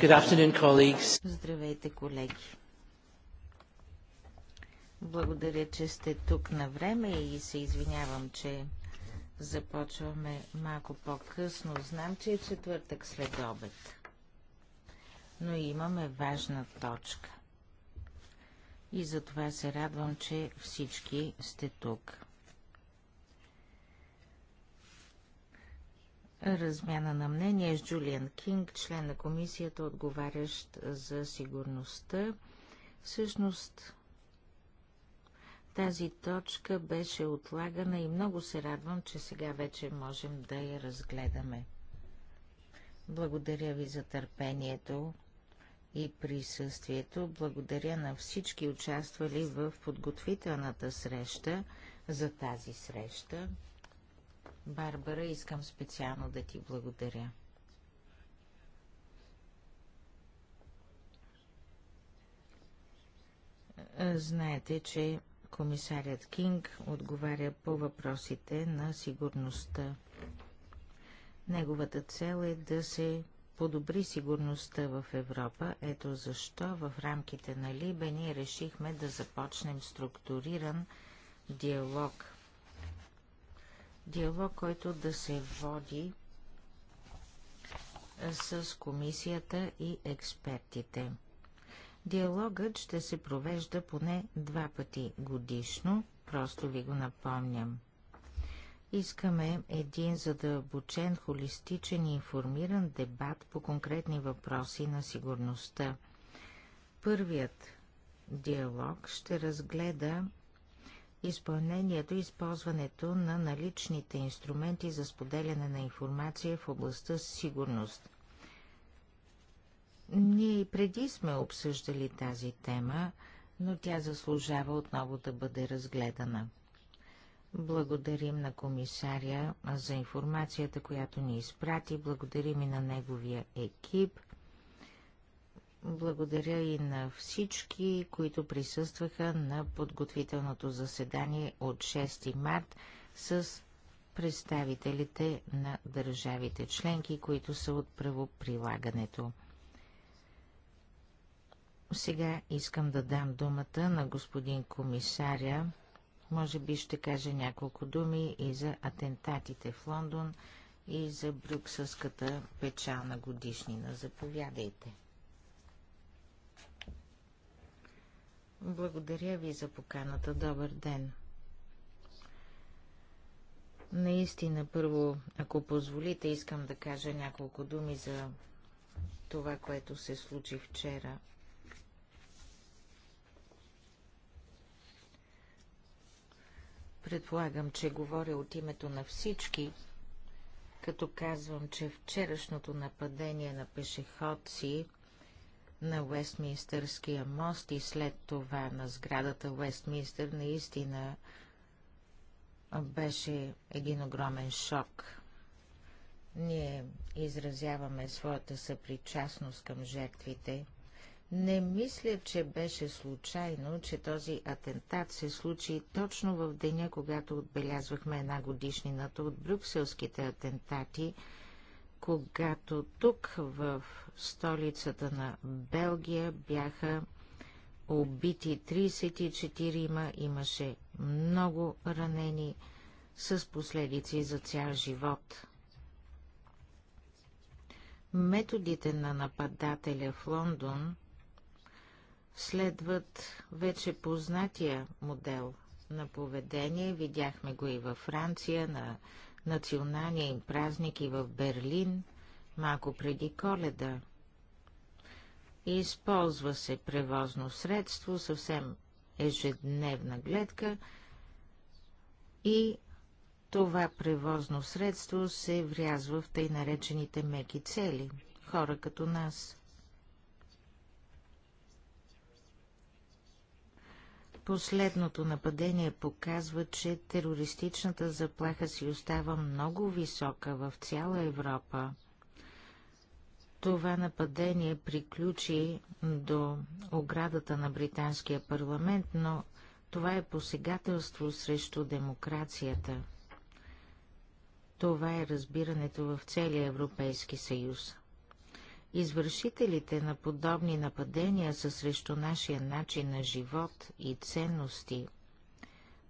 Good afternoon, colleagues. Здравейте, колеги. Благодаря, че сте тук на време и се извинявам, че започваме малко по-късно. Знам, че е четвъртък след обед. Но имаме важна точка. И за това се радвам, че всички сте тук. размяна на мнение с Джулиан Кинг, член на комисията, отговарящ за сигурността. Всъщност, тази точка беше отлагана и много се радвам, че сега вече можем да я разгледаме. Благодаря ви за търпението и присъствието. Благодаря на всички участвали в подготвителната среща за тази среща. Барбара, искам специално да ти благодаря. Знаете, че комисарят Кинг отговаря по въпросите на сигурността. Неговата цел е да се подобри сигурността в Европа. Ето защо в рамките на Либе ние решихме да започнем структуриран диалог диалог, който да се води е, с комисията и експертите. Диалогът ще се провежда поне два пъти годишно, просто ви го напомням. Искаме един задълбочен, холистичен и информиран дебат по конкретни въпроси на сигурността. Първият диалог ще разгледа изпълнението и използването на наличните инструменти за споделяне на информация в областта сигурност. Ние и преди сме обсъждали тази тема, но тя заслужава отново да бъде разгледана. Благодарим на комисаря за информацията, която ни изпрати, благодарим и на неговия екип – благодаря и на всички, които присъстваха на подготвителното заседание от 6 март с представителите на държавите членки, които са от правоприлагането. Сега искам да дам думата на господин комисаря. Може би ще каже няколко думи и за атентатите в Лондон и за брюксъската печална годишнина. Заповядайте. Благодаря ви за поканата. Добър ден. Наистина, първо, ако позволите, искам да кажа няколко думи за това, което се случи вчера. Предполагам, че говоря от името на всички, като казвам, че вчерашното нападение на пешеходци – на Уестминстърския мост и след това на сградата Уестминстър наистина беше един огромен шок. Ние изразяваме своята съпричастност към жертвите. Не мисля, че беше случайно, че този атентат се случи точно в деня, когато отбелязвахме една годишнината от брюкселските атентати – когато тук в столицата на Белгия бяха убити 34, имаше много ранени с последици за цял живот. Методите на нападателя в Лондон следват вече познатия модел на поведение. Видяхме го и във Франция, на националния им празник и в Берлин, малко преди коледа. Използва се превозно средство, съвсем ежедневна гледка и това превозно средство се врязва в тъй наречените меки цели, хора като нас. Последното нападение показва, че терористичната заплаха си остава много висока в цяла Европа. Това нападение приключи до оградата на британския парламент, но това е посегателство срещу демокрацията. Това е разбирането в целия Европейски съюз. Извършителите на подобни нападения са срещу нашия начин на живот и ценности,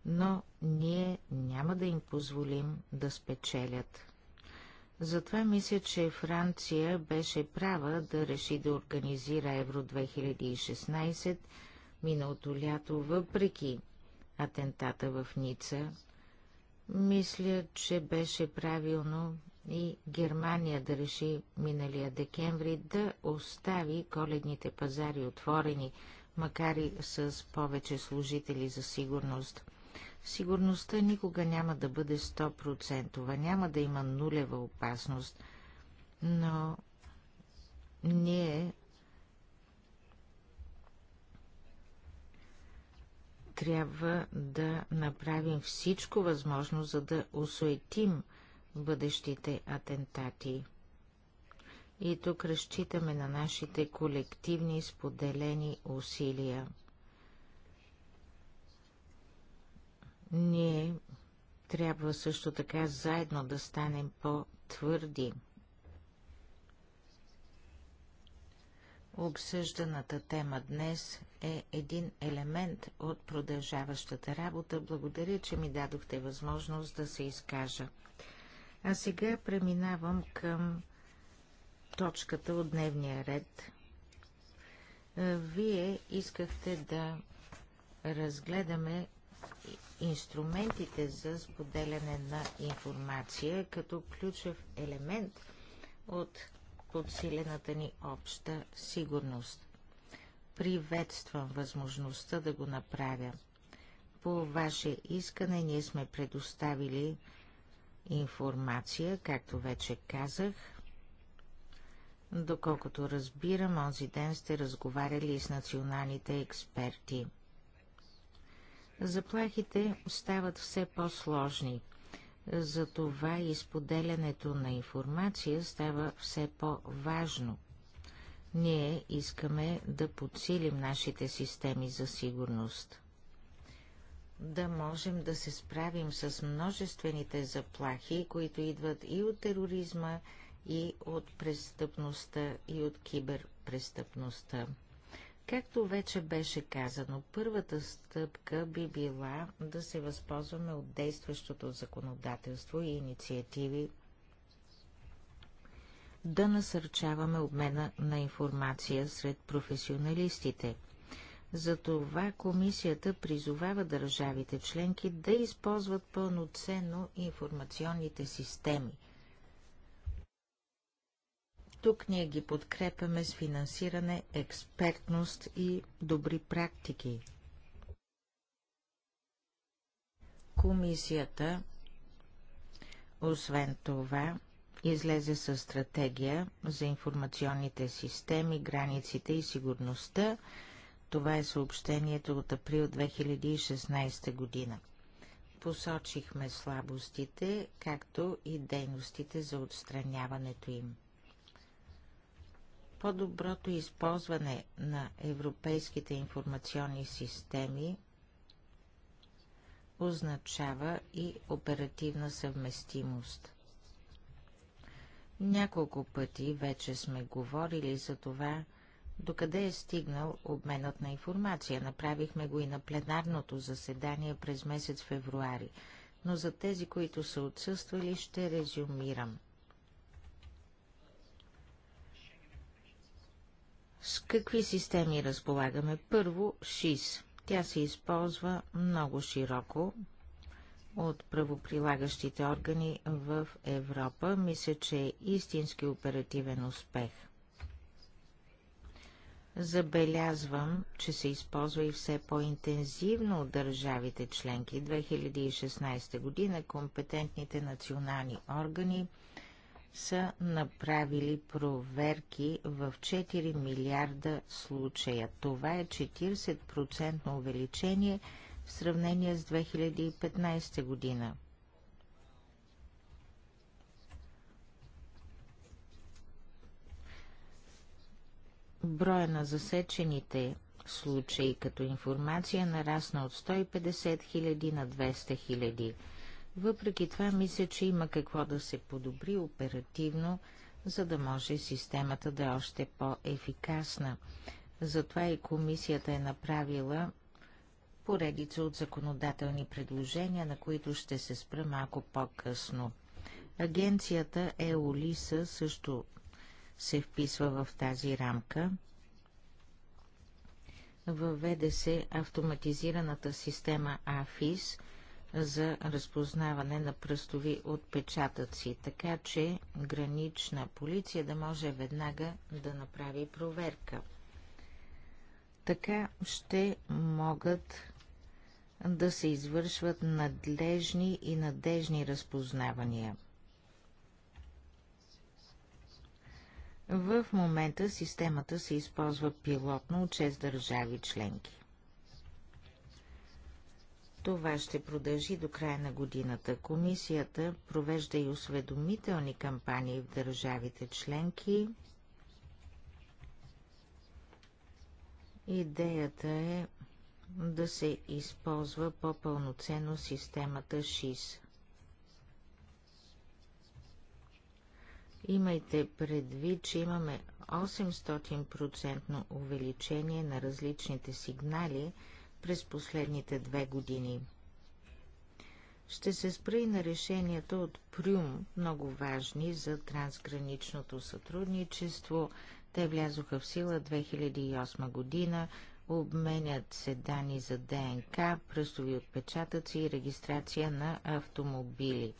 но ние няма да им позволим да спечелят. Затова мисля, че Франция беше права да реши да организира Евро 2016 миналото лято, въпреки атентата в Ница. Мисля, че беше правилно и Германия да реши миналия декември да остави коледните пазари отворени, макар и с повече служители за сигурност. Сигурността никога няма да бъде 100%, няма да има нулева опасност, но ние трябва да направим всичко възможно, за да осуетим – бъдещите атентати. И тук разчитаме на нашите колективни споделени усилия. Ние трябва също така заедно да станем по-твърди. Обсъжданата тема днес е един елемент от продължаващата работа. Благодаря, че ми дадохте възможност да се изкажа. А сега преминавам към точката от дневния ред. Вие искахте да разгледаме инструментите за споделяне на информация като ключов елемент от подсилената ни обща сигурност. Приветствам възможността да го направя. По ваше искане ние сме предоставили информация, както вече казах. Доколкото разбирам, онзи ден сте разговаряли с националните експерти. Заплахите стават все по-сложни. Затова изподелянето на информация става все по-важно. Ние искаме да подсилим нашите системи за сигурност да можем да се справим с множествените заплахи, които идват и от тероризма, и от престъпността, и от киберпрестъпността. Както вече беше казано, първата стъпка би била да се възползваме от действащото законодателство и инициативи, да насърчаваме обмена на информация сред професионалистите – затова комисията призовава държавите членки да използват пълноценно информационните системи. Тук ние ги подкрепяме с финансиране, експертност и добри практики. Комисията, освен това, излезе със стратегия за информационните системи, границите и сигурността, това е съобщението от април 2016 година. Посочихме слабостите, както и дейностите за отстраняването им. По-доброто използване на европейските информационни системи означава и оперативна съвместимост. Няколко пъти вече сме говорили за това, докъде е стигнал обменът на информация. Направихме го и на пленарното заседание през месец февруари, но за тези, които са отсъствали, ще резюмирам. С какви системи разполагаме? Първо, ШИС. Тя се използва много широко от правоприлагащите органи в Европа. Мисля, че е истински оперативен успех – Забелязвам, че се използва и все по-интензивно от държавите членки. 2016 година компетентните национални органи са направили проверки в 4 милиарда случая. Това е 40% увеличение в сравнение с 2015 година. Броя на засечените случаи като информация нарасна от 150 000 на 200 000. Въпреки това, мисля, че има какво да се подобри оперативно, за да може системата да е още по-ефикасна. Затова и комисията е направила поредица от законодателни предложения, на които ще се спра малко по-късно. Агенцията ЕОЛИСА също се вписва в тази рамка. Въведе се автоматизираната система АФИС за разпознаване на пръстови отпечатъци, така че гранична полиция да може веднага да направи проверка. Така ще могат да се извършват надлежни и надежни разпознавания – В момента системата се използва пилотно от 6 държави членки. Това ще продължи до края на годината. Комисията провежда и осведомителни кампании в държавите членки. Идеята е да се използва по-пълноценно системата ШИС. Имайте предвид, че имаме 800% увеличение на различните сигнали през последните две години. Ще се спра и на решенията от Прюм, много важни за трансграничното сътрудничество. Те влязоха в сила 2008 година, обменят се данни за ДНК, пръстови отпечатъци и регистрация на автомобили.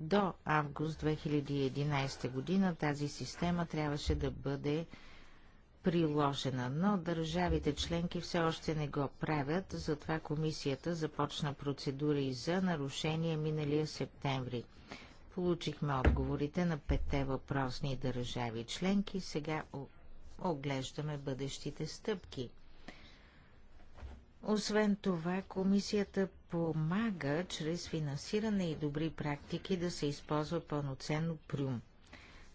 До август 2011 година тази система трябваше да бъде приложена, но държавите членки все още не го правят, затова комисията започна процедури за нарушение миналия септември. Получихме отговорите на петте въпросни държави членки, сега оглеждаме бъдещите стъпки. Освен това, комисията помага чрез финансиране и добри практики да се използва пълноценно прюм.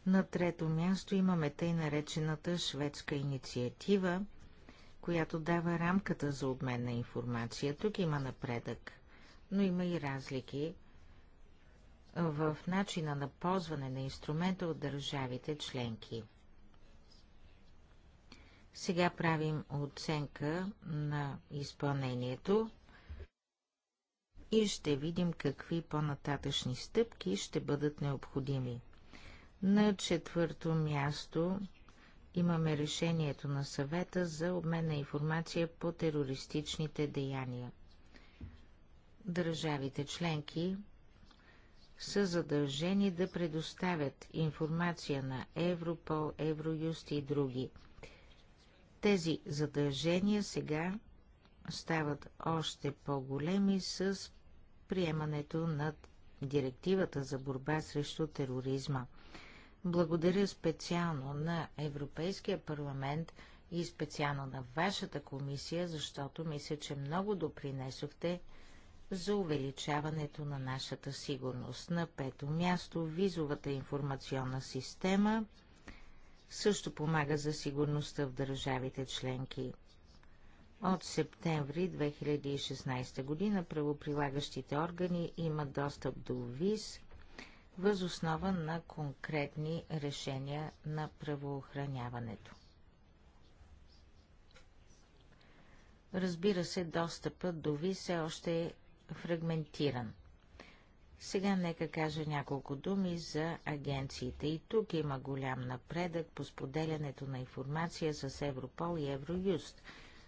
На трето място имаме тъй наречената шведска инициатива, която дава рамката за обмен на информация. Тук има напредък, но има и разлики в начина на ползване на инструмента от държавите членки. Сега правим оценка на изпълнението и ще видим какви по-нататъчни стъпки ще бъдат необходими. На четвърто място имаме решението на съвета за обмен на информация по терористичните деяния. Държавите членки са задължени да предоставят информация на Европол, Евроюст и други – тези задължения сега стават още по-големи с приемането на директивата за борба срещу тероризма. Благодаря специално на Европейския парламент и специално на вашата комисия, защото мисля, че много допринесохте за увеличаването на нашата сигурност. На пето място визовата информационна система – също помага за сигурността в държавите членки. От септември 2016 година правоприлагащите органи имат достъп до ВИЗ въз основа на конкретни решения на правоохраняването. Разбира се, достъпът до ВИЗ е още е фрагментиран – сега нека кажа няколко думи за агенциите. И тук има голям напредък по споделянето на информация с Европол и Евроюст.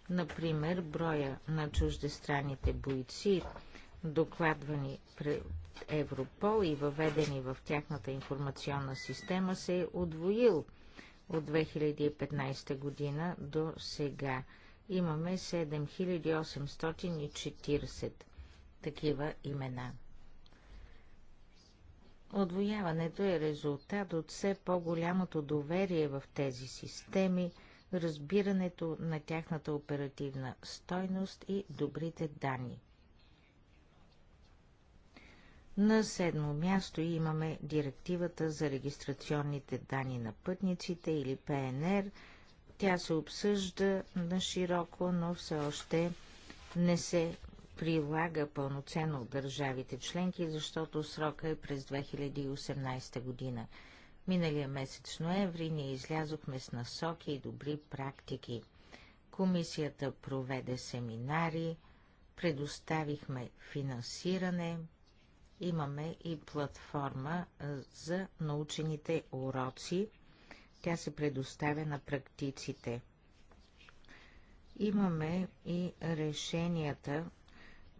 Например, броя на чуждестранните бойци, докладвани пред Европол и въведени в тяхната информационна система, се е удвоил от 2015 година до сега. Имаме 7840 такива имена. Отвояването е резултат от все по-голямото доверие в тези системи, разбирането на тяхната оперативна стойност и добрите данни. На седмо място имаме директивата за регистрационните данни на пътниците или ПНР. Тя се обсъжда на широко, но все още не се прилага пълноценно от държавите членки, защото срока е през 2018 година. Миналия месец ноември ние излязохме с насоки и добри практики. Комисията проведе семинари, предоставихме финансиране, имаме и платформа за научените уроци. Тя се предоставя на практиците. Имаме и решенията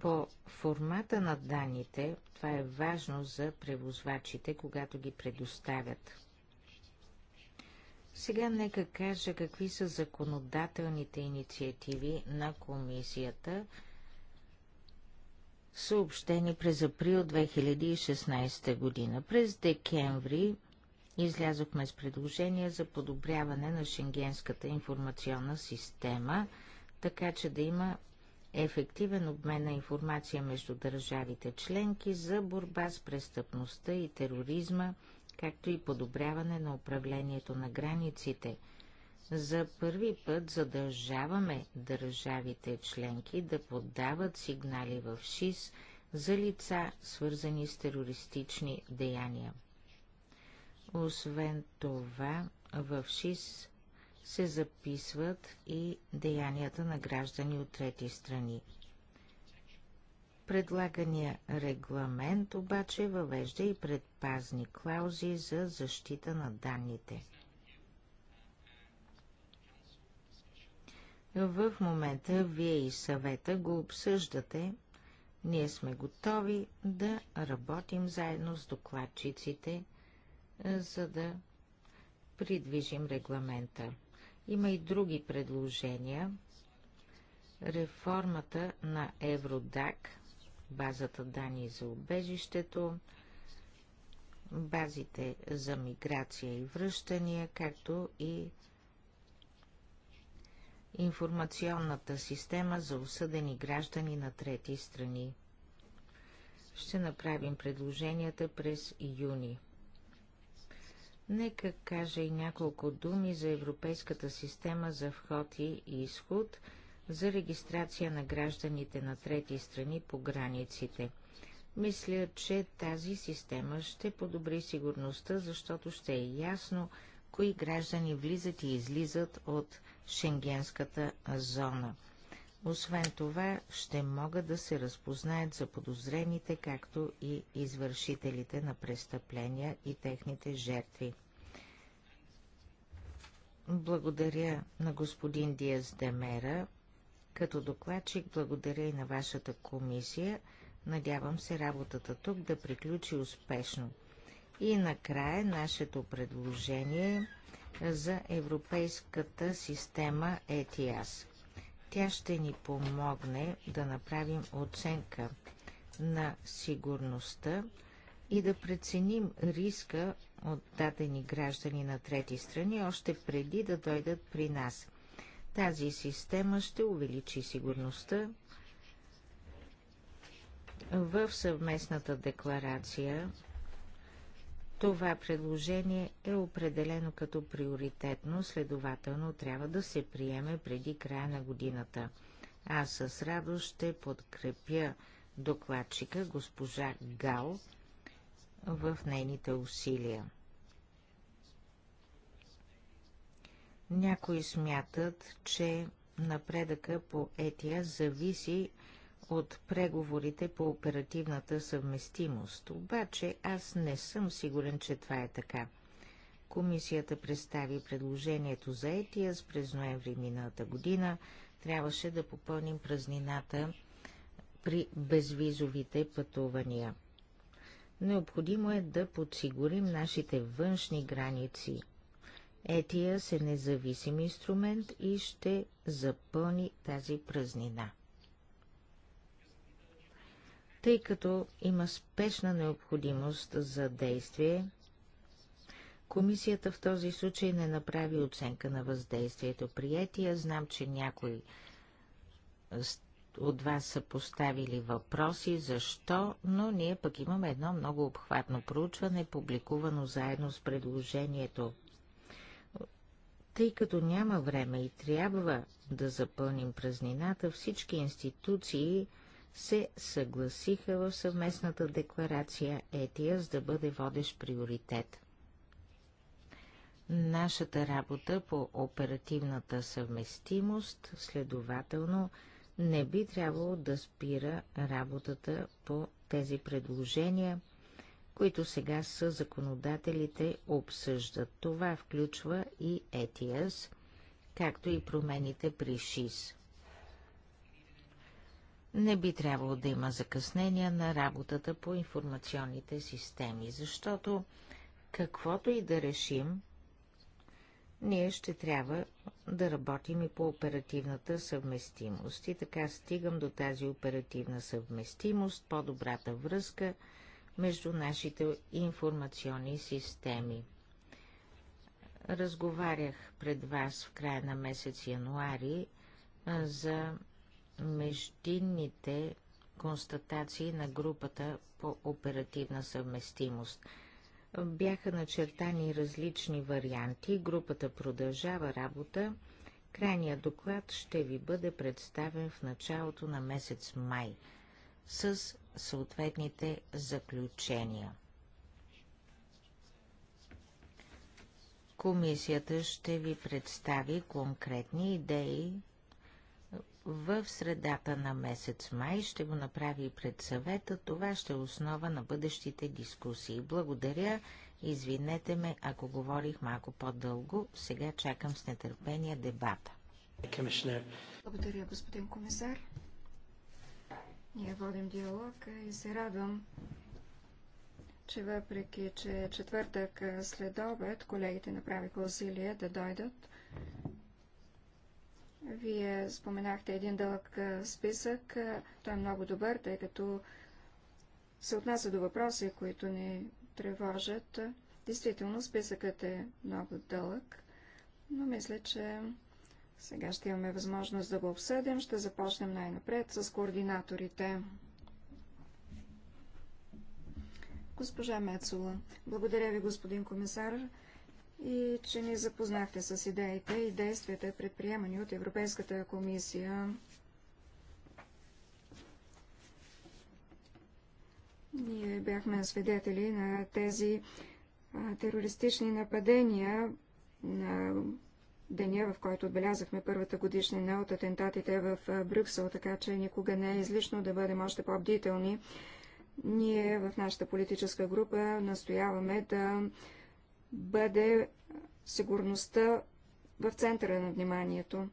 по формата на данните, това е важно за превозвачите, когато ги предоставят. Сега нека кажа какви са законодателните инициативи на комисията, съобщени през април 2016 година. През декември излязохме с предложение за подобряване на Шенгенската информационна система, така че да има ефективен обмен на информация между държавите членки за борба с престъпността и тероризма, както и подобряване на управлението на границите. За първи път задължаваме държавите членки да подават сигнали в ШИС за лица, свързани с терористични деяния. Освен това, в ШИС се записват и деянията на граждани от трети страни. Предлагания регламент обаче въвежда и предпазни клаузи за защита на данните. В момента вие и съвета го обсъждате. Ние сме готови да работим заедно с докладчиците, за да придвижим регламента. Има и други предложения. Реформата на Евродак, базата данни за убежището, базите за миграция и връщания, както и информационната система за осъдени граждани на трети страни. Ще направим предложенията през юни. Нека кажа и няколко думи за Европейската система за вход и изход за регистрация на гражданите на трети страни по границите. Мисля, че тази система ще подобри сигурността, защото ще е ясно кои граждани влизат и излизат от шенгенската зона. Освен това, ще могат да се разпознаят за подозрените, както и извършителите на престъпления и техните жертви. Благодаря на господин Диас Демера. Като докладчик благодаря и на вашата комисия. Надявам се работата тук да приключи успешно. И накрая нашето предложение за европейската система ETIAS. Тя ще ни помогне да направим оценка на сигурността и да преценим риска от дадени граждани на трети страни още преди да дойдат при нас. Тази система ще увеличи сигурността. В съвместната декларация това предложение е определено като приоритетно, следователно трябва да се приеме преди края на годината. Аз с радост ще подкрепя докладчика госпожа Гал в нейните усилия. Някои смятат, че напредъка по етия зависи от преговорите по оперативната съвместимост, обаче аз не съм сигурен, че това е така. Комисията представи предложението за ЕТИАС през ноември миналата година. Трябваше да попълним празнината при безвизовите пътувания. Необходимо е да подсигурим нашите външни граници. ЕТИАС е независим инструмент и ще запълни тази празнина тъй като има спешна необходимост за действие, комисията в този случай не направи оценка на въздействието. Приятия, знам, че някои от вас са поставили въпроси, защо, но ние пък имаме едно много обхватно проучване, публикувано заедно с предложението. Тъй като няма време и трябва да запълним празнината, всички институции – се съгласиха в съвместната декларация ЕТИАС да бъде водещ приоритет. Нашата работа по оперативната съвместимост, следователно, не би трябвало да спира работата по тези предложения, които сега са законодателите обсъждат. Това включва и ETIAS, както и промените при ШИС не би трябвало да има закъснения на работата по информационните системи, защото каквото и да решим, ние ще трябва да работим и по оперативната съвместимост. И така стигам до тази оперативна съвместимост, по-добрата връзка между нашите информационни системи. Разговарях пред вас в края на месец януари за междинните констатации на групата по оперативна съвместимост. Бяха начертани различни варианти, групата продължава работа. Крайният доклад ще ви бъде представен в началото на месец май с съответните заключения. Комисията ще ви представи конкретни идеи в средата на месец май. Ще го направи и пред съвета. Това ще е основа на бъдещите дискусии. Благодаря. Извинете ме, ако говорих малко по-дълго. Сега чакам с нетърпение дебата. Благодаря, господин комисар. Ние водим диалог и се радвам, че въпреки, че е четвъртък след обед колегите направиха усилия да дойдат, вие споменахте един дълъг списък. Той е много добър, тъй като се отнася до въпроси, които ни тревожат. Действително, списъкът е много дълъг, но мисля, че сега ще имаме възможност да го обсъдим. Ще започнем най-напред с координаторите. Госпожа Мецула, благодаря ви, господин комисар и че ни запознахте с идеите и действията, предприемани от Европейската комисия. Ние бяхме свидетели на тези а, терористични нападения на деня, в който отбелязахме първата годишнина от атентатите в Брюксел, така че никога не е излишно да бъдем още по-бдителни. Ние в нашата политическа група настояваме да бъде сигурността в центъра на вниманието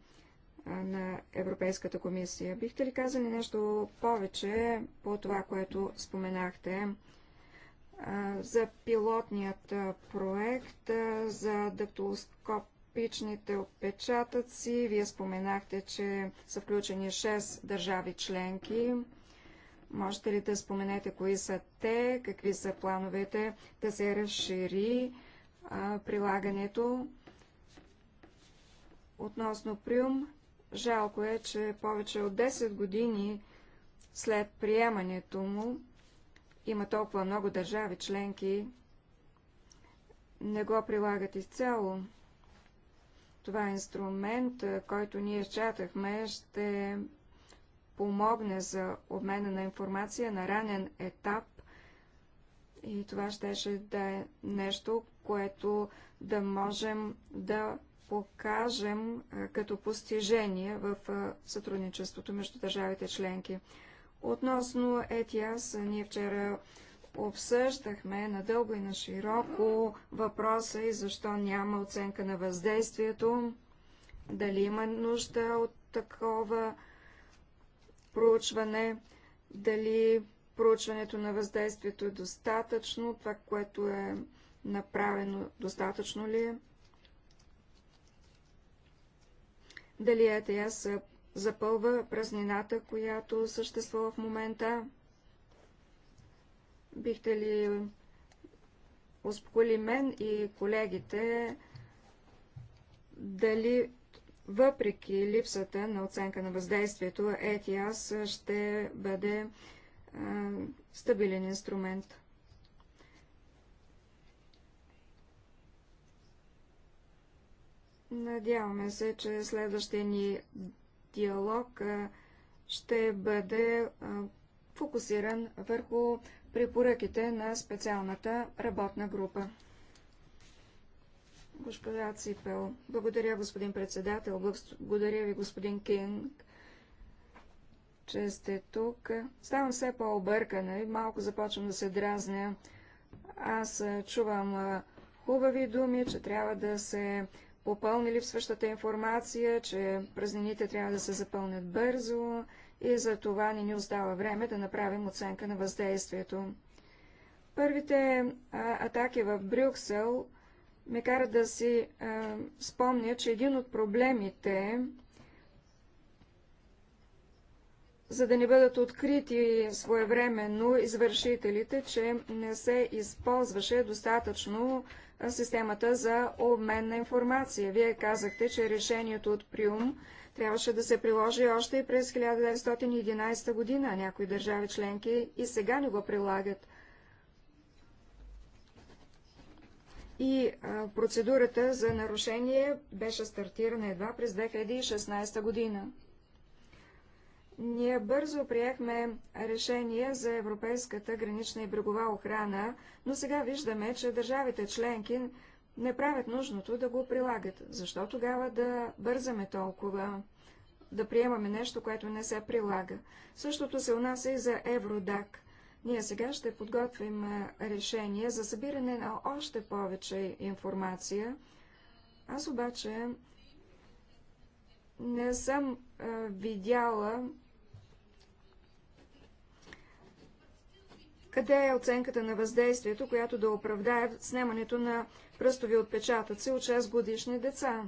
на Европейската комисия. Бихте ли казали нещо повече по това, което споменахте за пилотният проект, за дактилоскопичните отпечатъци? Вие споменахте, че са включени 6 държави членки. Можете ли да споменете кои са те, какви са плановете да се разшири прилагането. Относно Прюм. жалко е, че повече от 10 години след приемането му има толкова много държави членки, не го прилагат изцяло. Това е инструмент, който ние чатахме, ще помогне за обмена на информация на ранен етап и това щеше да е нещо, което да можем да покажем като постижение в сътрудничеството между държавите членки. Относно ЕТИАС, ние вчера обсъждахме надълго и на широко въпроса и защо няма оценка на въздействието, дали има нужда от такова проучване, дали проучването на въздействието е достатъчно, това, което е направено достатъчно ли е, дали ЕТС запълва празнината, която съществува в момента. Бихте ли успокоили мен и колегите, дали въпреки липсата на оценка на въздействието, Етиас ще бъде а, стабилен инструмент. Надяваме се, че следващия ни диалог ще бъде фокусиран върху препоръките на специалната работна група. Господа Ципел, благодаря господин председател, благодаря ви господин Кинг, че сте тук. Ставам все по-объркана и малко започвам да се дразня. Аз чувам хубави думи, че трябва да се Попълнили в същата информация, че празнините трябва да се запълнят бързо и за това не ни остава време да направим оценка на въздействието. Първите а, атаки в Брюксел ме карат да си а, спомня, че един от проблемите, за да не бъдат открити своевременно извършителите, че не се използваше достатъчно системата за обмен на информация. Вие казахте, че решението от Приум трябваше да се приложи още и през 1911 година. Някои държави членки и сега не го прилагат. И а, процедурата за нарушение беше стартирана едва през 2016 година. Ние бързо приехме решение за европейската гранична и брегова охрана, но сега виждаме, че държавите членки не правят нужното да го прилагат. Защо тогава да бързаме толкова, да приемаме нещо, което не се прилага? Същото се унася и за Евродак. Ние сега ще подготвим решение за събиране на още повече информация. Аз обаче не съм видяла Къде е оценката на въздействието, която да оправдае снимането на пръстови отпечатъци от 6 годишни деца?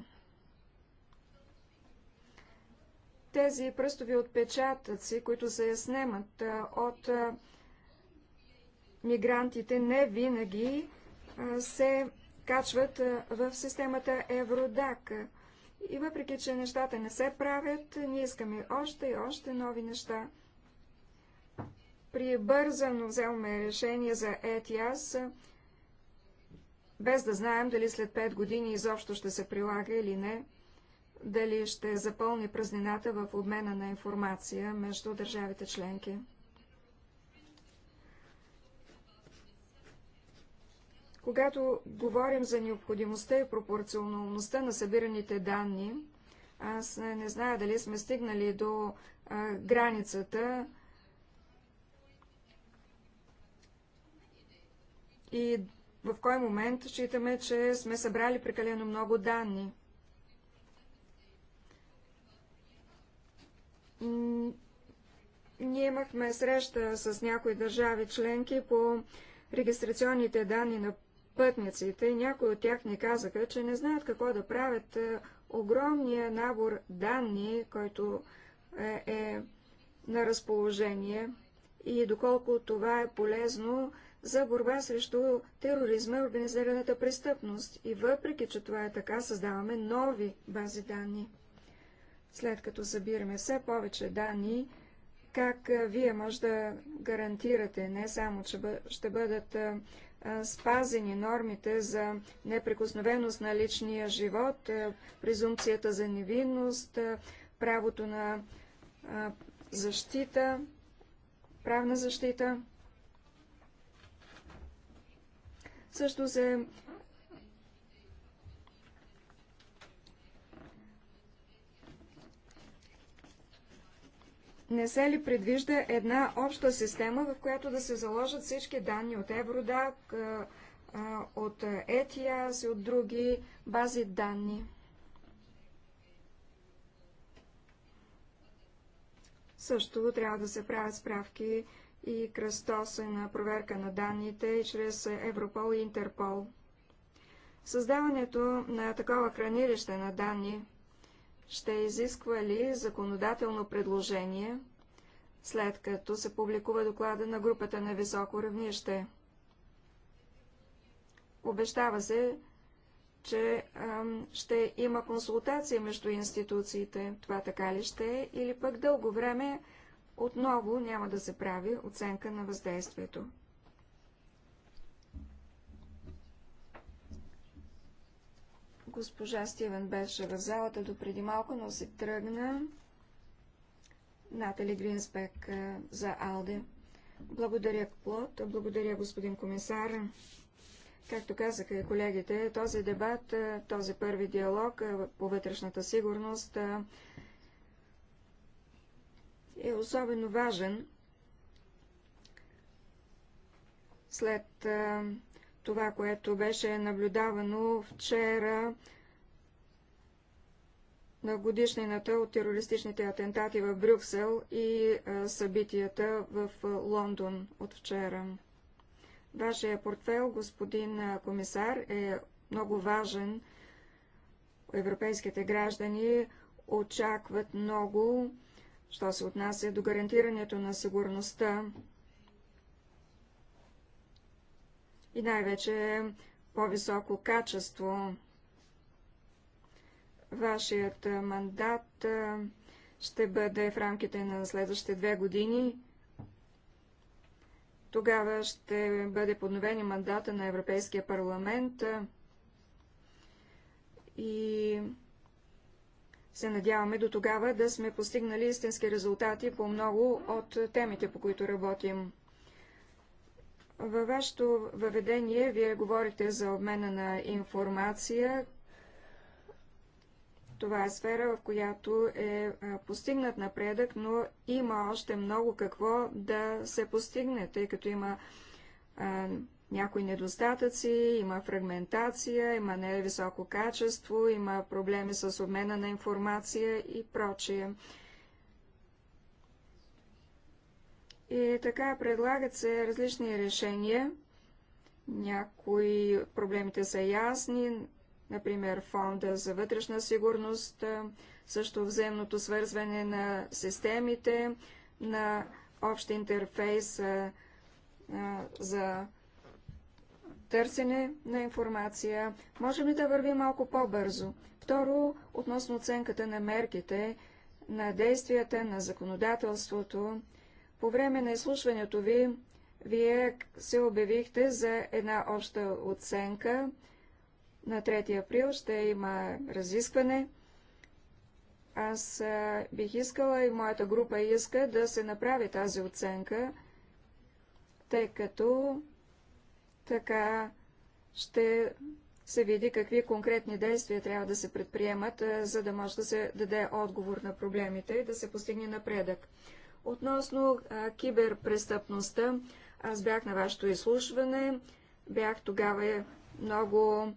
Тези пръстови отпечатъци, които се снемат от мигрантите, не винаги се качват в системата Евродак. И въпреки, че нещата не се правят, ние искаме още и още нови неща прибързано вземаме решение за ЕТИАС, без да знаем дали след 5 години изобщо ще се прилага или не, дали ще запълни празнината в обмена на информация между държавите членки. Когато говорим за необходимостта и пропорционалността на събираните данни, аз не зная дали сме стигнали до а, границата, и в кой момент считаме, че сме събрали прекалено много данни. Ние имахме среща с някои държави членки по регистрационните данни на пътниците и някои от тях ни казаха, че не знаят какво да правят. Е, огромния набор данни, който е, е на разположение и доколко това е полезно за борба срещу тероризма и организираната престъпност. И въпреки, че това е така, създаваме нови бази данни. След като събираме все повече данни, как вие може да гарантирате не само, че ще бъдат спазени нормите за неприкосновеност на личния живот, презумпцията за невинност, правото на защита, правна защита, също се не се ли предвижда една обща система, в която да се заложат всички данни от Евродак, от ETIAS и от други бази данни? Също трябва да се правят справки и кръстосена проверка на данните чрез Европол и Интерпол. Създаването на такова хранилище на данни ще изисква ли законодателно предложение, след като се публикува доклада на групата на високо равнище? Обещава се, че ам, ще има консултация между институциите. Това така ли ще е? Или пък дълго време отново няма да се прави оценка на въздействието. Госпожа Стивен беше в залата до преди малко, но се тръгна. Натали Гринспек е, за Алде. Благодаря, Плод. Благодаря, господин комисар. Както казаха и колегите, този дебат, е, този първи диалог е, по вътрешната сигурност е особено важен след това, което беше наблюдавано вчера на годишнината от терористичните атентати в Брюксел и събитията в Лондон от вчера. Вашия портфел, господин комисар, е много важен. Европейските граждани очакват много що се отнася до гарантирането на сигурността и най-вече по-високо качество. Вашият мандат ще бъде в рамките на следващите две години. Тогава ще бъде подновен мандата на Европейския парламент и се надяваме до тогава да сме постигнали истински резултати по много от темите, по които работим. Във вашето въведение вие говорите за обмена на информация. Това е сфера, в която е постигнат напредък, но има още много какво да се постигне, тъй като има някои недостатъци, има фрагментация, има невисоко качество, има проблеми с обмена на информация и прочие. И така предлагат се различни решения. Някои проблемите са ясни, например фонда за вътрешна сигурност, също взаимното свързване на системите, на общ интерфейс за търсене на информация. Можем ли да вървим малко по-бързо? Второ, относно оценката на мерките, на действията, на законодателството. По време на изслушването ви, вие се обявихте за една обща оценка. На 3 април ще има разискване. Аз бих искала и моята група иска да се направи тази оценка, тъй като така ще се види какви конкретни действия трябва да се предприемат, е, за да може да се даде отговор на проблемите и да се постигне напредък. Относно а, е, киберпрестъпността, аз бях на вашето изслушване, бях тогава е, много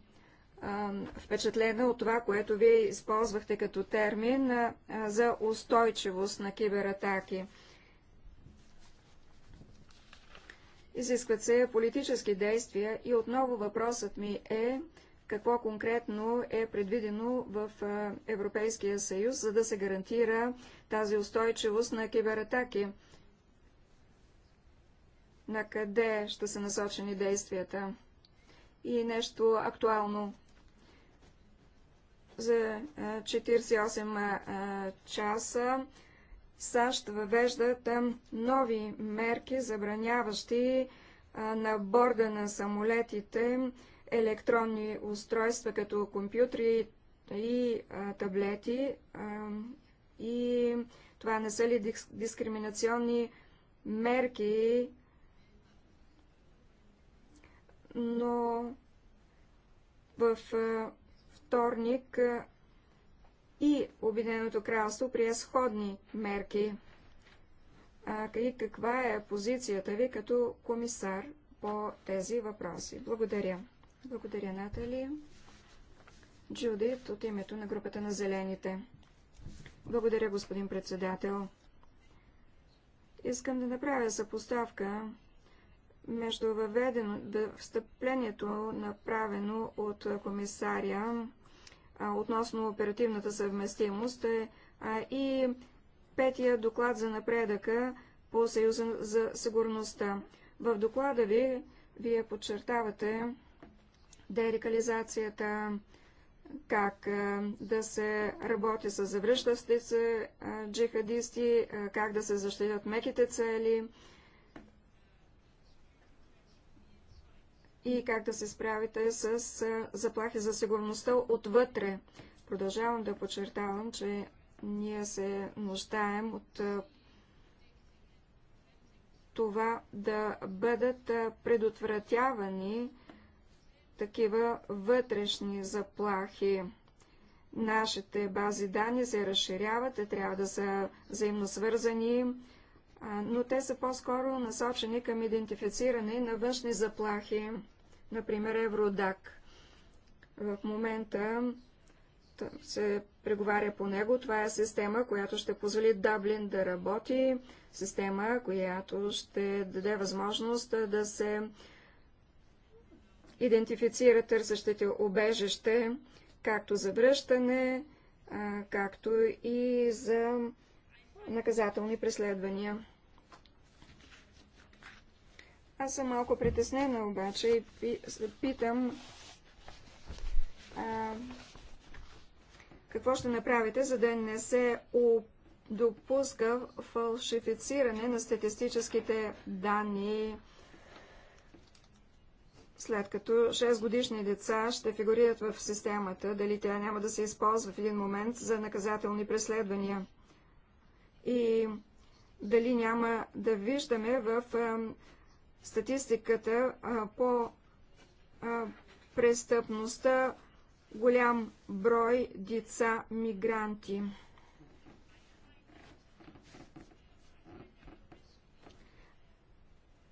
а, впечатлена от това, което вие използвахте като термин а, за устойчивост на кибератаки. Изискват се политически действия и отново въпросът ми е какво конкретно е предвидено в Европейския съюз, за да се гарантира тази устойчивост на кибератаки. На къде ще са насочени действията? И нещо актуално за 48 часа САЩ въвеждат нови мерки, забраняващи на борда на самолетите електронни устройства, като компютри и таблети. И това не са ли дискриминационни мерки, но в вторник и Обединеното кралство прие сходни мерки. А, и каква е позицията ви като комисар по тези въпроси? Благодаря. Благодаря, Натали. Джудит от името на групата на зелените. Благодаря, господин председател. Искам да направя съпоставка между въведено, встъплението, направено от комисаря относно оперативната съвместимост е, и петия доклад за напредъка по Съюза за сигурността. В доклада ви вие подчертавате дерекализацията, как да се работи с завръщащи се джихадисти, как да се защитят меките цели, и как да се справите с заплахи за сигурността отвътре. Продължавам да подчертавам, че ние се нуждаем от това да бъдат предотвратявани такива вътрешни заплахи. Нашите бази данни се разширяват, те трябва да са взаимно свързани, но те са по-скоро насочени към идентифициране на външни заплахи например Евродак. В момента се преговаря по него. Това е система, която ще позволи Даблин да работи, система, която ще даде възможност да се идентифицира търсещите обежище, както за връщане, както и за наказателни преследвания. Аз съм малко притеснена обаче и питам а, какво ще направите, за да не се допуска фалшифициране на статистическите данни, след като 6 годишни деца ще фигурират в системата, дали тя няма да се използва в един момент за наказателни преследвания. И дали няма да виждаме в статистиката по престъпността голям брой деца мигранти.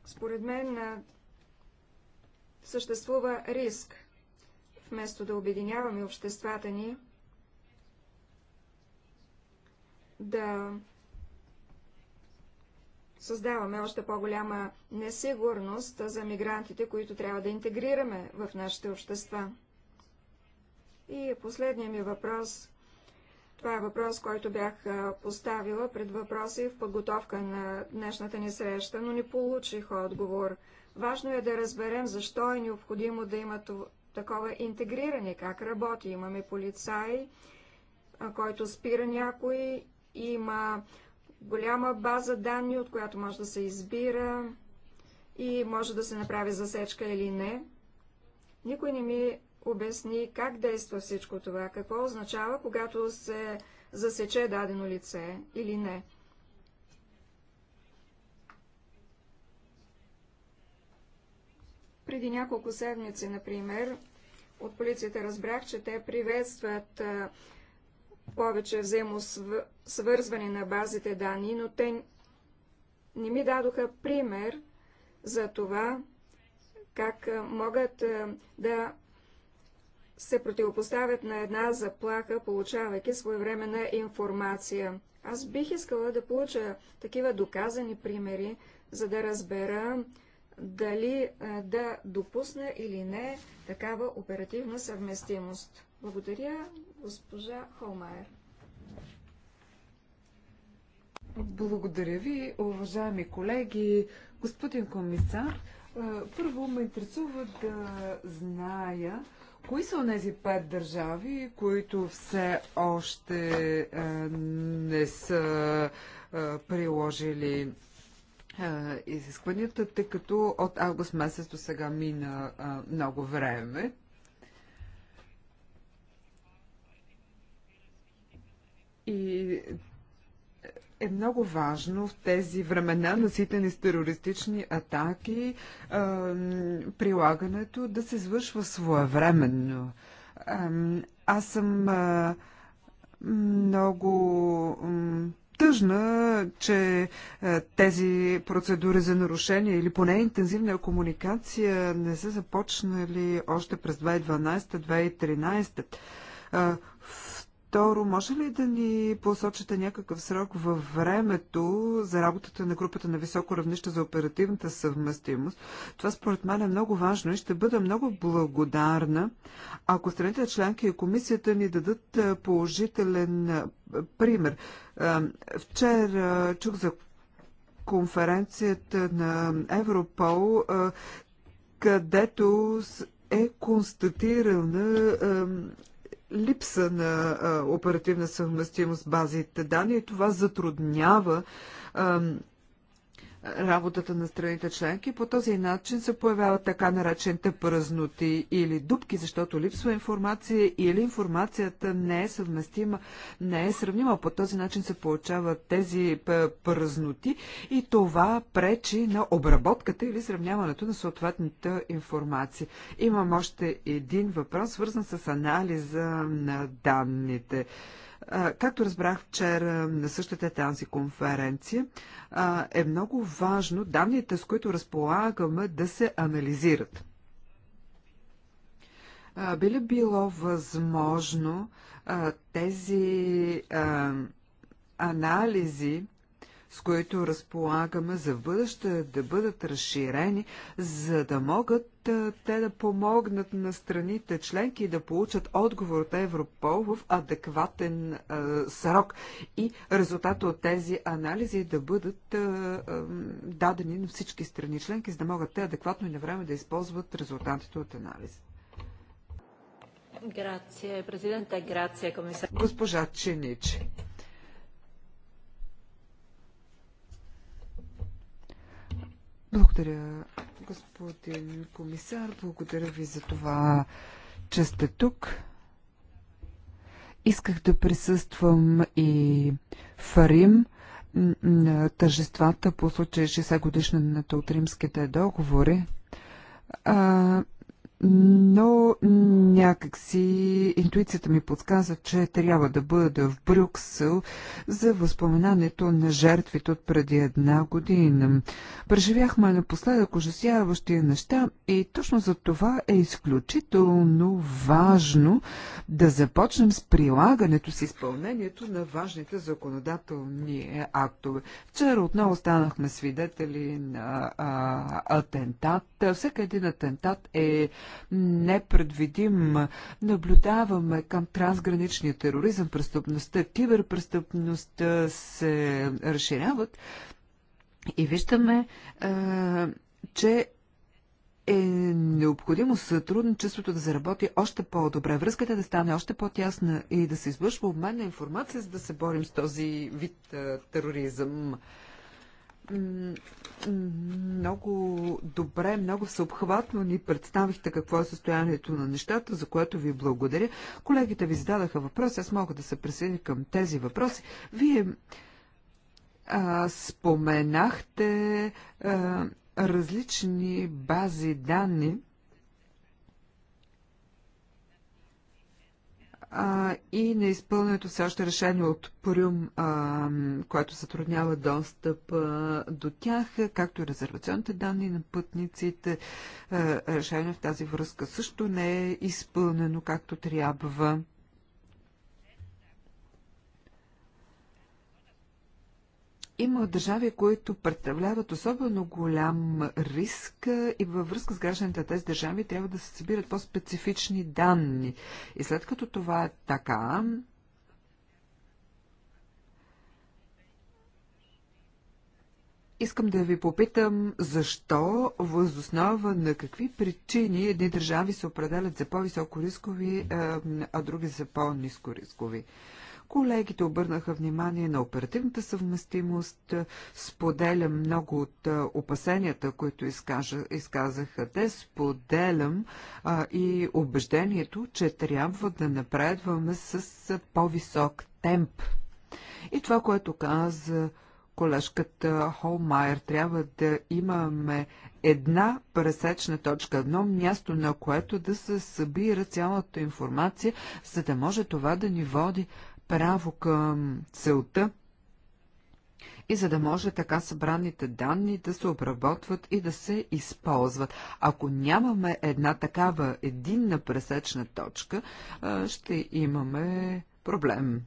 Според мен съществува риск. Вместо да обединяваме обществата ни, да създаваме още по-голяма несигурност за мигрантите, които трябва да интегрираме в нашите общества. И последният ми въпрос. Това е въпрос, който бях поставила пред въпроси в подготовка на днешната ни среща, но не получих отговор. Важно е да разберем защо е необходимо да има такова интегриране, как работи. Имаме полицай, който спира някой, има голяма база данни, от която може да се избира и може да се направи засечка или не. Никой не ми обясни как действа всичко това, какво означава, когато се засече дадено лице или не. Преди няколко седмици, например, от полицията разбрах, че те приветстват повече взаимосвързване на базите данни, но те не ми дадоха пример за това, как могат да се противопоставят на една заплаха, получавайки своевременна информация. Аз бих искала да получа такива доказани примери, за да разбера дали да допусна или не такава оперативна съвместимост. Благодаря, госпожа Холмайер. Благодаря ви, уважаеми колеги, господин комисар. Първо ме интересува да зная кои са тези пет държави, които все още не са приложили изискванията, тъй като от август месец до сега мина много време. И е много важно в тези времена, наситени с терористични атаки, е, прилагането да се извършва своевременно. Е, аз съм е, много тъжна, че тези процедури за нарушение или поне интензивна комуникация не са започнали още през 2012-2013 Второ, може ли да ни посочите някакъв срок във времето за работата на групата на високо равнище за оперативната съвместимост? Това според мен е много важно и ще бъда много благодарна, ако страните членки и комисията ни дадат положителен пример. Вчера чух за конференцията на Европол, където е констатирана липса на оперативна съвместимост базите данни и това затруднява работата на страните членки. По този начин се появяват така наречените пръзноти или дупки, защото липсва информация или информацията не е съвместима, не е сравнима. По този начин се получават тези пръзноти и това пречи на обработката или сравняването на съответната информация. Имам още един въпрос, свързан с анализа на данните. Както разбрах вчера на същата тази конференция, е много важно данните, с които разполагаме, да се анализират. Би ли било възможно тези анализи с които разполагаме за бъдеще, да бъдат разширени, за да могат те да помогнат на страните членки и да получат отговор от Европол в адекватен е, срок и резултат от тези анализи да бъдат е, е, дадени на всички страни членки, за да могат те адекватно и на време да използват резултатите от анализа. Грация, президента, грация, комисар. Госпожа Чинич. Благодаря, господин комисар. Благодаря ви за това, че сте тук. Исках да присъствам и в Рим на тържествата по случай 60 годишната от римските договори. А, но някакси интуицията ми подсказа, че трябва да бъда в Брюксел за възпоменането на жертвите от преди една година. Преживяхме напоследък ужасяващи неща и точно за това е изключително важно да започнем с прилагането, с изпълнението на важните законодателни актове. Вчера отново станахме свидетели на а, атентат. Всеки един атентат е непредвидим. Наблюдаваме към трансграничния тероризъм, престъпността, киберпрестъпността се разширяват и виждаме, че е необходимо сътрудничеството да заработи още по-добре, връзката да стане още по-тясна и да се извършва обмен на информация, за да се борим с този вид тероризъм много добре, много съобхватно ни представихте какво е състоянието на нещата, за което ви благодаря. Колегите ви зададаха въпроси, аз мога да се присъединя към тези въпроси. Вие а, споменахте а, различни бази данни, а, и неизпълненото все още решение от Прюм, а, което затруднява достъп а, до тях, както и резервационните данни на пътниците. А, решение в тази връзка също не е изпълнено както трябва. Има държави, които представляват особено голям риск и във връзка с гражданите на тези държави трябва да се събират по-специфични данни. И след като това е така, Искам да ви попитам, защо, възоснова на какви причини едни държави се определят за по-високо рискови, а други за по-низко рискови. Колегите обърнаха внимание на оперативната съвместимост. Споделям много от опасенията, които изкажа, изказаха те. Споделям а, и убеждението, че трябва да напредваме с по-висок темп. И това, което каза колежката Холмайер, трябва да имаме една пресечна точка, едно място, на което да се събира цялата информация, за да може това да ни води право към целта и за да може така събраните данни да се обработват и да се използват. Ако нямаме една такава единна пресечна точка, ще имаме проблем.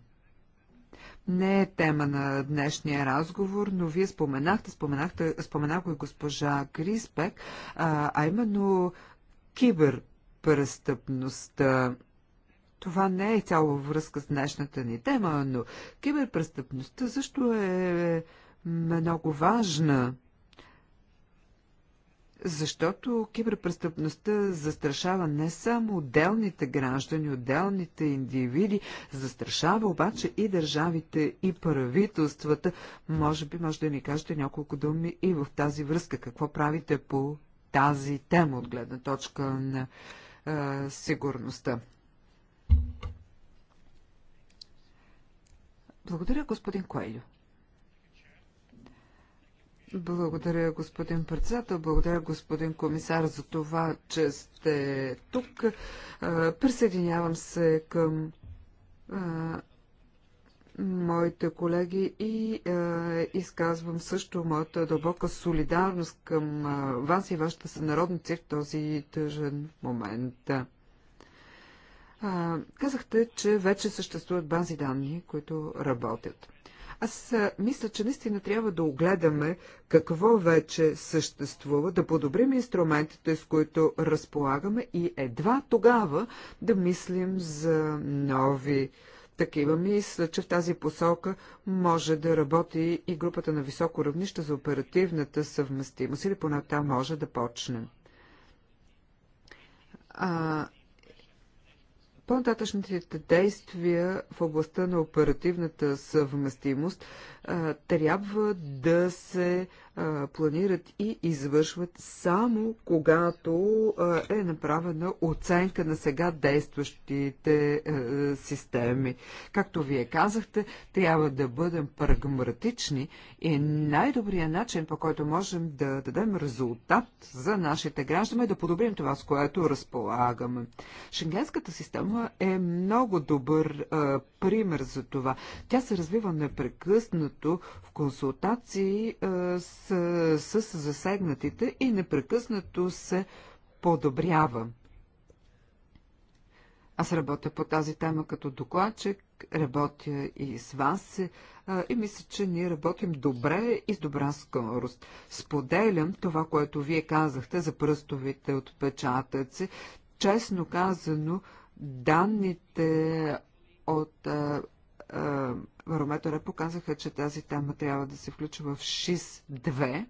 Не е тема на днешния разговор, но вие споменахте, споменахте споменах го и госпожа Криспек, а именно киберпрестъпността. Това не е цяло връзка с днешната ни тема, но киберпрестъпността също е, е много важна. Защото киберпрестъпността застрашава не само отделните граждани, отделните индивиди, застрашава обаче и държавите, и правителствата. Може би може да ни кажете няколко думи и в тази връзка. Какво правите по тази тема от гледна точка на е, сигурността? Благодаря, господин Коелю. Благодаря, господин председател. Благодаря, господин комисар, за това, че сте тук. Присъединявам се към моите колеги и е, изказвам също моята дълбока солидарност към вас и вашата сънародници в този тъжен момент. А, казахте, че вече съществуват бази данни, които работят. Аз мисля, че наистина трябва да огледаме какво вече съществува, да подобрим инструментите, с които разполагаме и едва тогава да мислим за нови такива. Мисля, че в тази посока може да работи и групата на високо равнище за оперативната съвместимост или поне там може да почнем. А, по-нататъчните действия в областта на оперативната съвместимост трябва да се планират и извършват само когато е направена оценка на сега действащите системи. Както вие казахте, трябва да бъдем прагматични и най-добрият начин, по който можем да дадем резултат за нашите граждани, е да подобрим това, с което разполагаме. Шенгенската система е много добър пример за това. Тя се развива непрекъснато непрекъснато в консултации с, с засегнатите и непрекъснато се подобрява. Аз работя по тази тема като докладчик, работя и с вас и мисля, че ние работим добре и с добра скорост. Споделям това, което вие казахте за пръстовите отпечатъци. Честно казано, данните от а, а, барометъра показаха, че тази тема трябва да се включи в 6-2,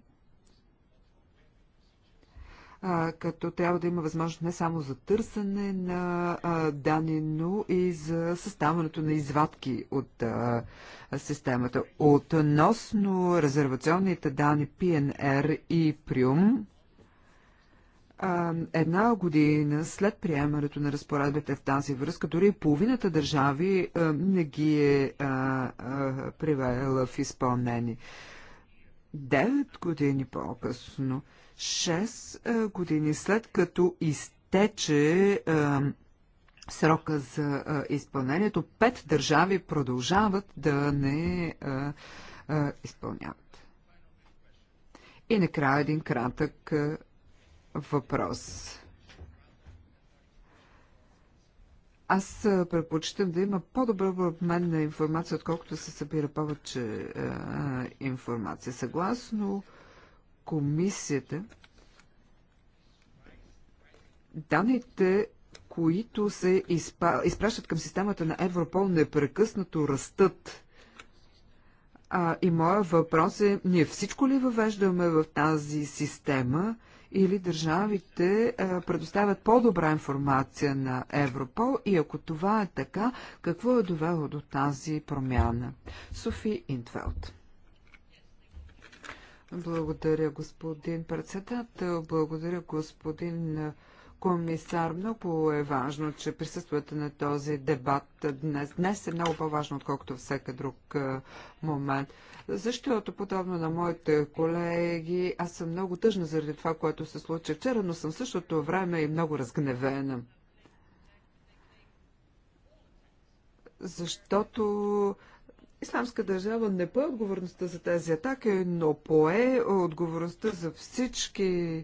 като трябва да има възможност не само за търсене на данни, но и за съставането на извадки от системата. Относно резервационните данни PNR и Prium, а, една година след приемането на разпоредбите в тази връзка, дори и половината държави а, не ги е а, а, привела в изпълнение. Девет години по-късно, Шест години след като изтече а, срока за а, изпълнението, пет държави продължават да не а, а, изпълняват. И накрая един кратък въпрос. Аз предпочитам да има по-добър обмен на информация, отколкото се събира повече а, информация. Съгласно комисията, данните, които се изпа... изпращат към системата на Европол, непрекъснато растат. А, и моя въпрос е, ние всичко ли въвеждаме в тази система? или държавите предоставят по-добра информация на Европол и ако това е така, какво е довело до тази промяна? Софи Интфелд. Благодаря, господин председател. Благодаря, господин комисар. Много е важно, че присъствате на този дебат днес. Днес е много по-важно, отколкото всеки друг е, момент. Защото, подобно на моите колеги, аз съм много тъжна заради това, което се случи вчера, но съм в същото време и много разгневена. Защото Исламска държава не пое отговорността за тези атаки, но пое отговорността за всички е,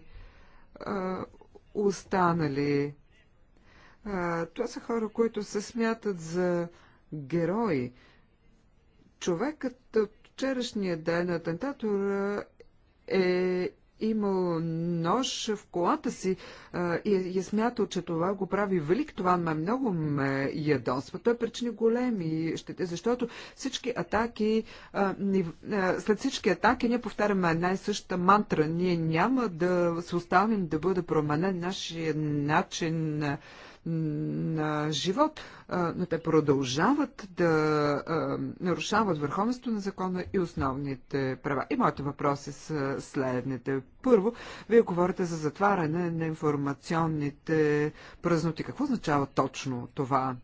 останали. А, това са хора, които се смятат за герои. Човекът от вчерашния ден, атентатор, е имал нож в колата си а, и, я е смятал, че това го прави велик. Това ме много ме ядосва. Той причини големи щете, защото всички атаки, а, ни, а, след всички атаки ние повтаряме една и съща мантра. Ние няма да се оставим да бъде променен нашия начин на живот, но те продължават да нарушават върховенството на закона и основните права. И моите въпроси са следните. Първо, вие говорите за затваряне на информационните празноти. Какво означава точно това?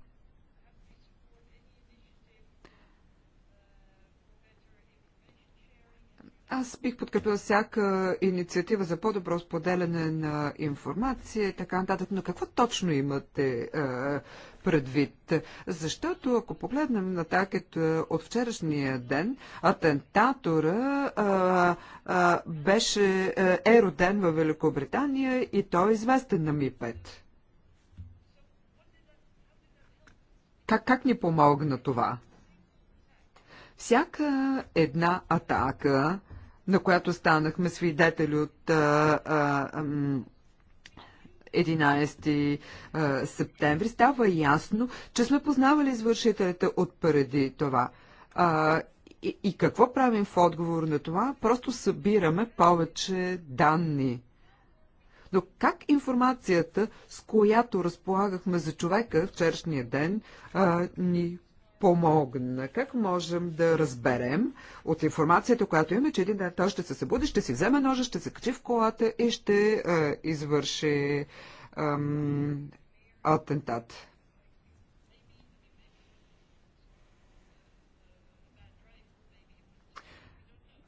Аз бих подкрепила всяка инициатива за по-добро споделяне на информация и така нататък, но какво точно имате е, предвид? Защото ако погледнем на такет от вчерашния ден, атентатора е, е, беше е роден във Великобритания и той е известен на МИ-5. Как, как ни помогна това? Всяка една атака на която станахме свидетели от а, а, 11 а, септември, става ясно, че сме познавали извършителите от преди това. А, и, и какво правим в отговор на това? Просто събираме повече данни. Но как информацията, с която разполагахме за човека вчерашния ден, а, ни помогна? Как можем да разберем от информацията, която имаме, че един ден той ще се събуди, ще си вземе ножа, ще се качи в колата и ще е, извърши е, атентат?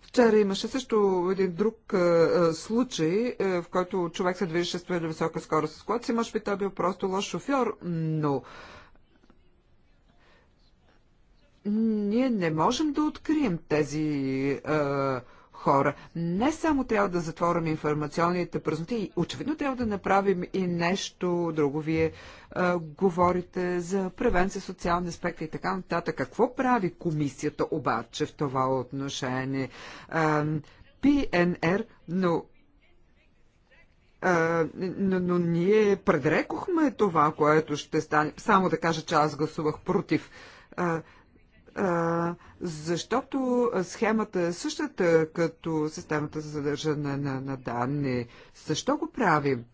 Вчера имаше също един друг а, е, а, е, случай, а, е, в който човек се движеше с твърде висока скорост с колата си. Може би той бил просто лош шофьор, но ние не можем да открием тези а, е, хора. Не само трябва да затворим информационните празноти, очевидно трябва да направим и нещо друго. Вие а, е, говорите за превенция, социални аспекти и така нататък. Какво прави комисията обаче в това отношение? А, е, ПНР, но но, но ние предрекохме това, което ще стане. Само да кажа, че аз гласувах против защото схемата е същата като системата за задържане на, на данни. Защо го правим?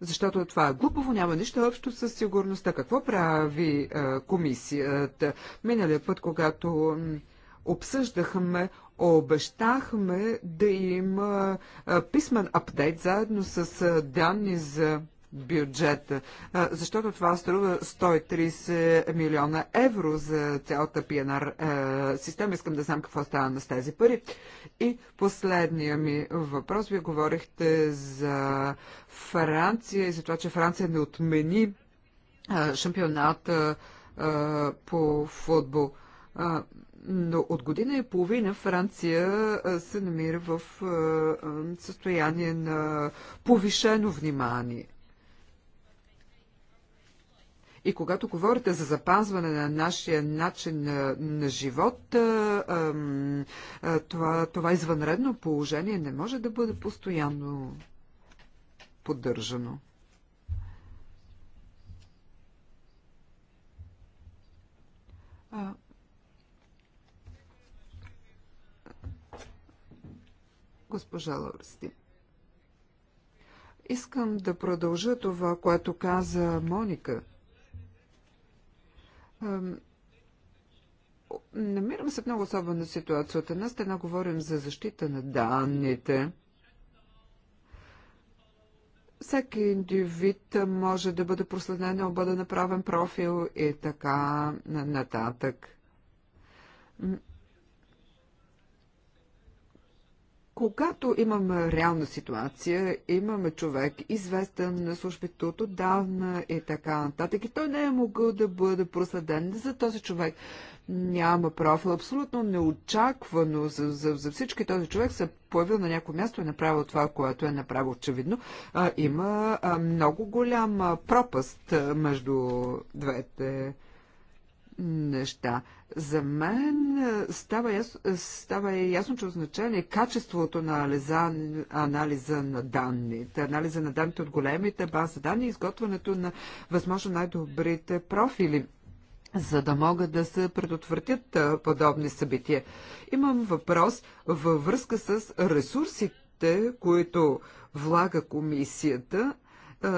Защото това е глупово, няма нищо общо с сигурността. Какво прави а, комисията? Миналия път, когато обсъждахме, обещахме да има а, писмен апдейт заедно с а, данни за бюджета, защото това струва 130 милиона евро за цялата ПНР система. Искам да знам какво става с тези пари. И последния ми въпрос. Вие говорихте за Франция и за това, че Франция не отмени шампионата по футбол. Но от година и половина Франция се намира в състояние на повишено внимание. И когато говорите за запазване на нашия начин на, на живот, а, а, това, това извънредно положение не може да бъде постоянно поддържано. А, госпожа Лорсти, Искам да продължа това, което каза Моника – Намирам се в много особена ситуация. От една стена говорим за защита на данните. Всеки индивид може да бъде проследен, да бъде направен профил и така нататък. Когато имаме реална ситуация, имаме човек известен на службите от отдавна и така нататък, и той не е могъл да бъде проследен за този човек. Няма профил, абсолютно неочаквано за, за, за всички този човек се появил на някое място и направил това, което е направил очевидно. А, има а, много голяма пропаст между двете неща. За мен става ясно, става ясно, че означение качеството на анализа, анализа на данните, анализа на данните от големите бази данни и изготвянето на възможно най-добрите профили за да могат да се предотвратят подобни събития. Имам въпрос във връзка с ресурсите, които влага комисията,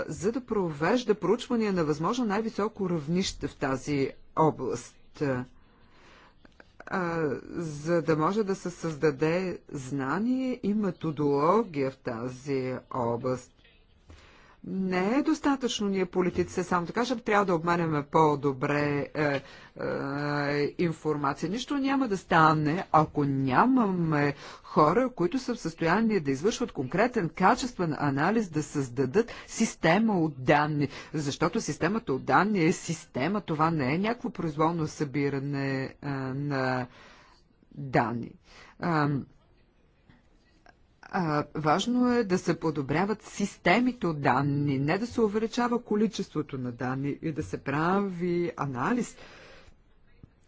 за да провежда проучвания на възможно най-високо равнище в тази област за да може да се създаде знание и методология в тази област. Не е достатъчно ние политиците само да кажем, трябва да обменяме по-добре е, е, информация. Нищо няма да стане, ако нямаме хора, които са в състояние да извършват конкретен качествен анализ, да създадат система от данни. Защото системата от данни е система, това не е някакво произволно събиране е, на данни. Е, а, важно е да се подобряват системите от данни, не да се увеличава количеството на данни и да се прави анализ,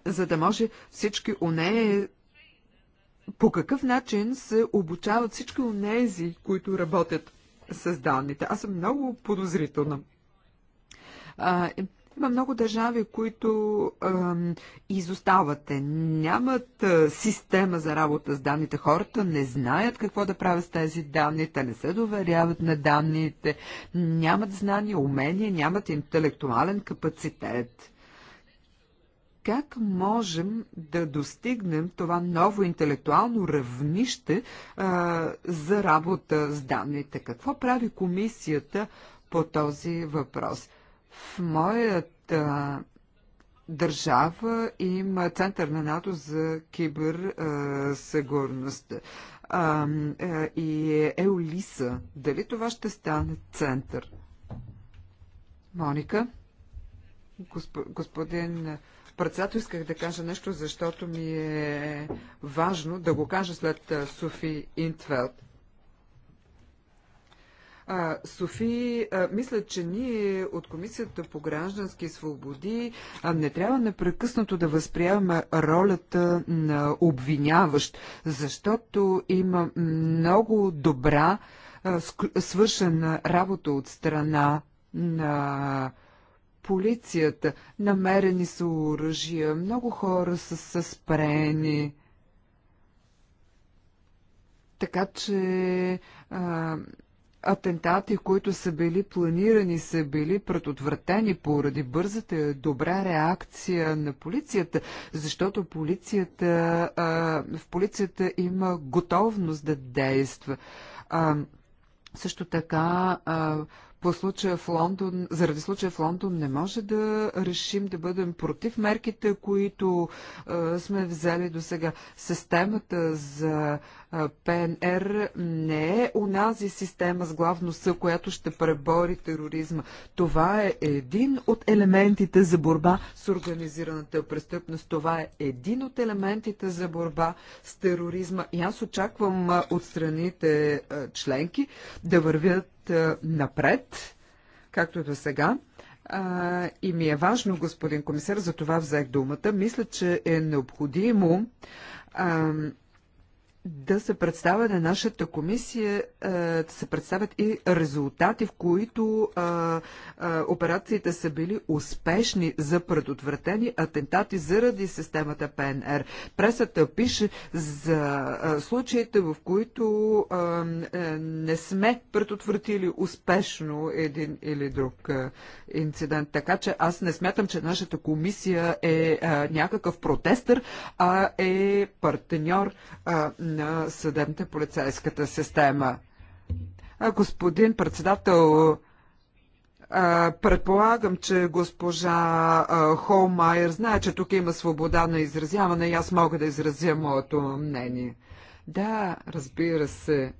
за да може всички онеи по какъв начин се обучават всички унези, които работят с данните. Аз съм много подозрителна. А, има много държави, които ам, изоставате. Нямат а, система за работа с данните. Хората не знаят какво да правят с тези данни. Те не се доверяват на данните. Нямат знания, умения, нямат интелектуален капацитет. Как можем да достигнем това ново интелектуално равнище а, за работа с данните? Какво прави комисията по този въпрос? В моята държава има център на НАТО за киберсигурност и е Еолиса. Дали това ще стане център? Моника? Господин председател, исках да кажа нещо, защото ми е важно да го кажа след Софи Интвелд. А, Софи, а, мисля, че ние от Комисията по граждански свободи а, не трябва непрекъснато да възприемаме ролята на обвиняващ, защото има много добра а, свършена работа от страна на полицията. Намерени са оръжия, много хора са, са спрени. Така че а, атентати, които са били планирани, са били предотвратени поради бързата добра реакция на полицията, защото полицията, в полицията има готовност да действа. също така, по случая в Лондон, заради случая в Лондон не може да решим да бъдем против мерките, които сме взели до сега. Системата за ПНР не е унази система с главно съ, която ще пребори тероризма. Това е един от елементите за борба с организираната престъпност. Това е един от елементите за борба с тероризма. И аз очаквам от страните членки да вървят напред, както до сега. и ми е важно, господин комисар, за това взех думата. Мисля, че е необходимо да се представя на нашата комисия, е, да се представят и резултати, в които е, е, операциите са били успешни за предотвратени атентати заради системата ПНР. Пресата пише за случаите, в които не сме предотвратили успешно един или друг инцидент. Така че аз не смятам, че нашата комисия е някакъв протестър, а е партньор на на съдебната полицейската система. Господин председател, предполагам, че госпожа Холмайер знае, че тук има свобода на изразяване и аз мога да изразя моето мнение. Да, разбира се.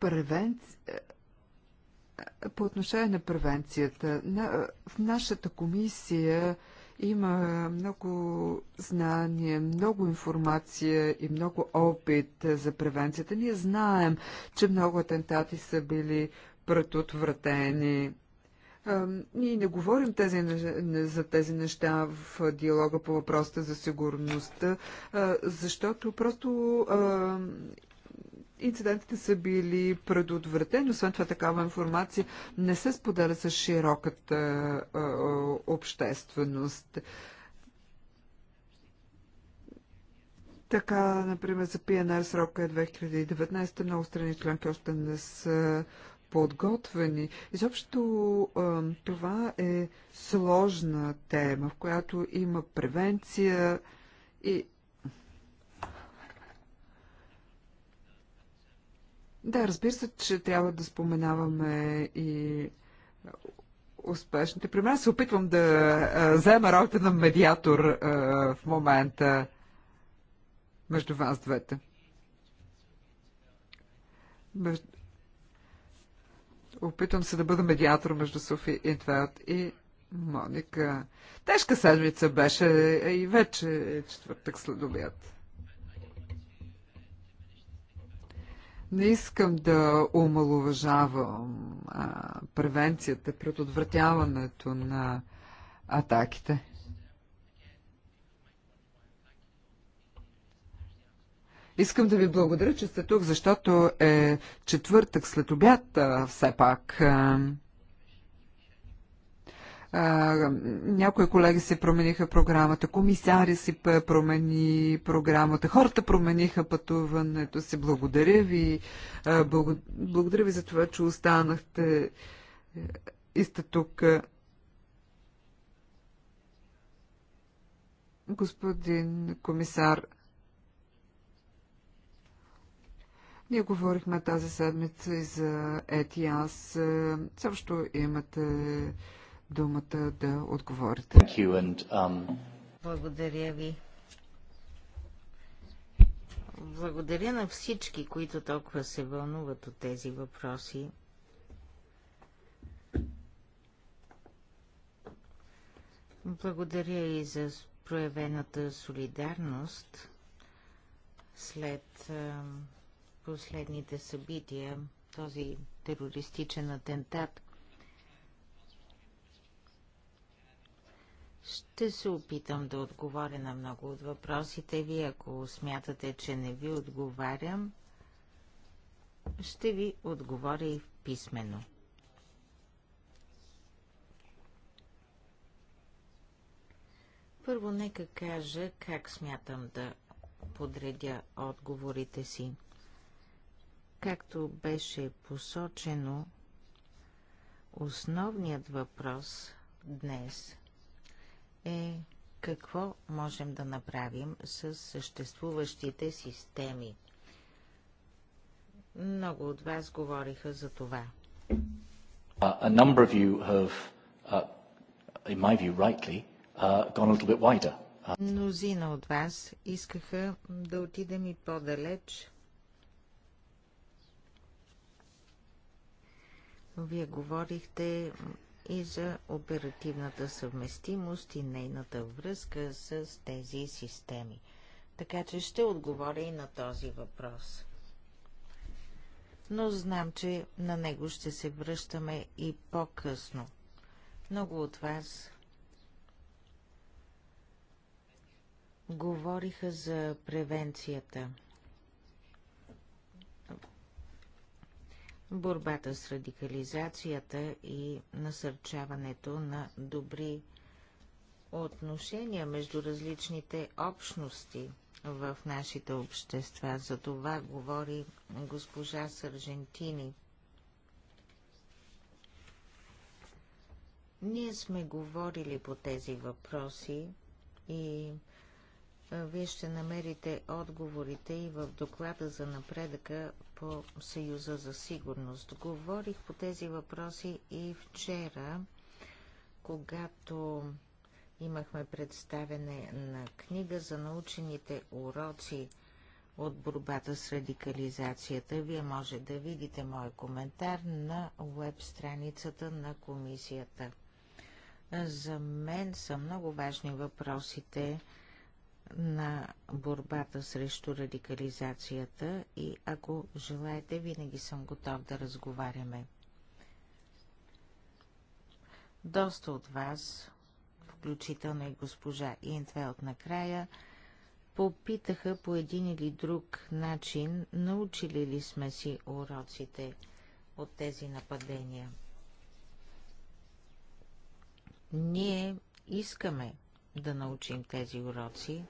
Превенция по отношение на превенцията, на, в нашата комисия има много знания, много информация и много опит за превенцията. Ние знаем, че много атентати са били предотвратени. Ние не говорим тези, за тези неща в диалога по въпросите за сигурността, защото просто инцидентите са били предотвратени. Освен това, такава информация не се споделя с широката общественост. Така, например, за ПНР срока е 2019. Много страни членки още не са подготвени. Изобщо това е сложна тема, в която има превенция и Да, разбира се, че трябва да споменаваме и успешните. При мен се опитвам да а, взема ролята на медиатор а, в момента между вас двете. Между... Опитвам се да бъда медиатор между Софи Интвелт и Моника. Тежка седмица беше и вече е четвъртък след Не искам да омалуважавам а, превенцията, предотвратяването на атаките. Искам да ви благодаря, че сте тук, защото е четвъртък след обяд все пак. А, някои колеги се промениха програмата, комисари си промени програмата, хората промениха пътуването си. Благодаря ви. Благодаря ви за това, че останахте е, и сте тук. Господин комисар, Ние говорихме тази седмица и за ЕТИАС. Е, Също имате думата да отговорите. Um, Благодаря ви. Благодаря на всички, които толкова се вълнуват от тези въпроси. Благодаря и за проявената солидарност след последните събития, този терористичен атентат. Ще се опитам да отговоря на много от въпросите ви. Ако смятате, че не ви отговарям, ще ви отговоря и в писмено. Първо нека кажа как смятам да подредя отговорите си. Както беше посочено, основният въпрос днес е какво можем да направим с съществуващите системи. Много от вас говориха за това. a number of you have, uh, in my view rightly, uh, gone a little bit wider. Мнозина от вас искаха да отидем и по-далеч. Вие говорихте и за оперативната съвместимост и нейната връзка с тези системи. Така че ще отговоря и на този въпрос. Но знам, че на него ще се връщаме и по-късно. Много от вас говориха за превенцията – борбата с радикализацията и насърчаването на добри отношения между различните общности в нашите общества. За това говори госпожа Саржентини. Ние сме говорили по тези въпроси и вие ще намерите отговорите и в доклада за напредъка по Съюза за сигурност. Говорих по тези въпроси и вчера, когато имахме представене на книга за научените уроци от борбата с радикализацията. Вие може да видите мой коментар на веб страницата на комисията. За мен са много важни въпросите, на борбата срещу радикализацията и ако желаете, винаги съм готов да разговаряме. Доста от вас, включително и госпожа Интвелт накрая, попитаха по един или друг начин, научили ли сме си уроците от тези нападения. Ние искаме да научим тези уроци.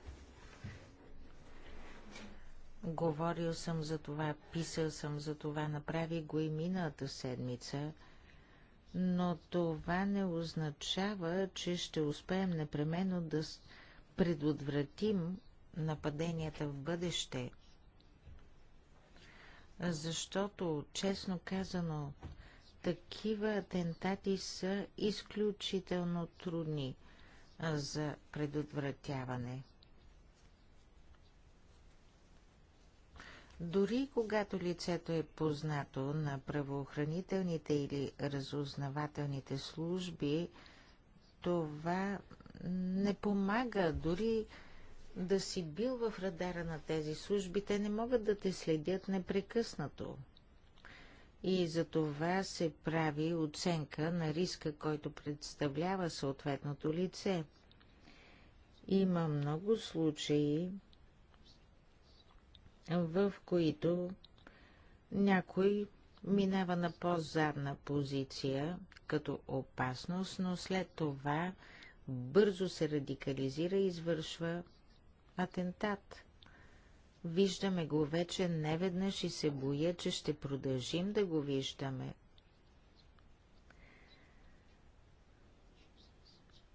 Говорил съм за това, писал съм за това, направи го и миналата седмица, но това не означава, че ще успеем непременно да предотвратим нападенията в бъдеще. Защото, честно казано, такива атентати са изключително трудни – за предотвратяване. Дори когато лицето е познато на правоохранителните или разузнавателните служби, това не помага. Дори да си бил в радара на тези служби, те не могат да те следят непрекъснато и за това се прави оценка на риска, който представлява съответното лице. Има много случаи, в които някой минава на по-задна позиция като опасност, но след това бързо се радикализира и извършва атентат. Виждаме го вече неведнъж и се боя, че ще продължим да го виждаме.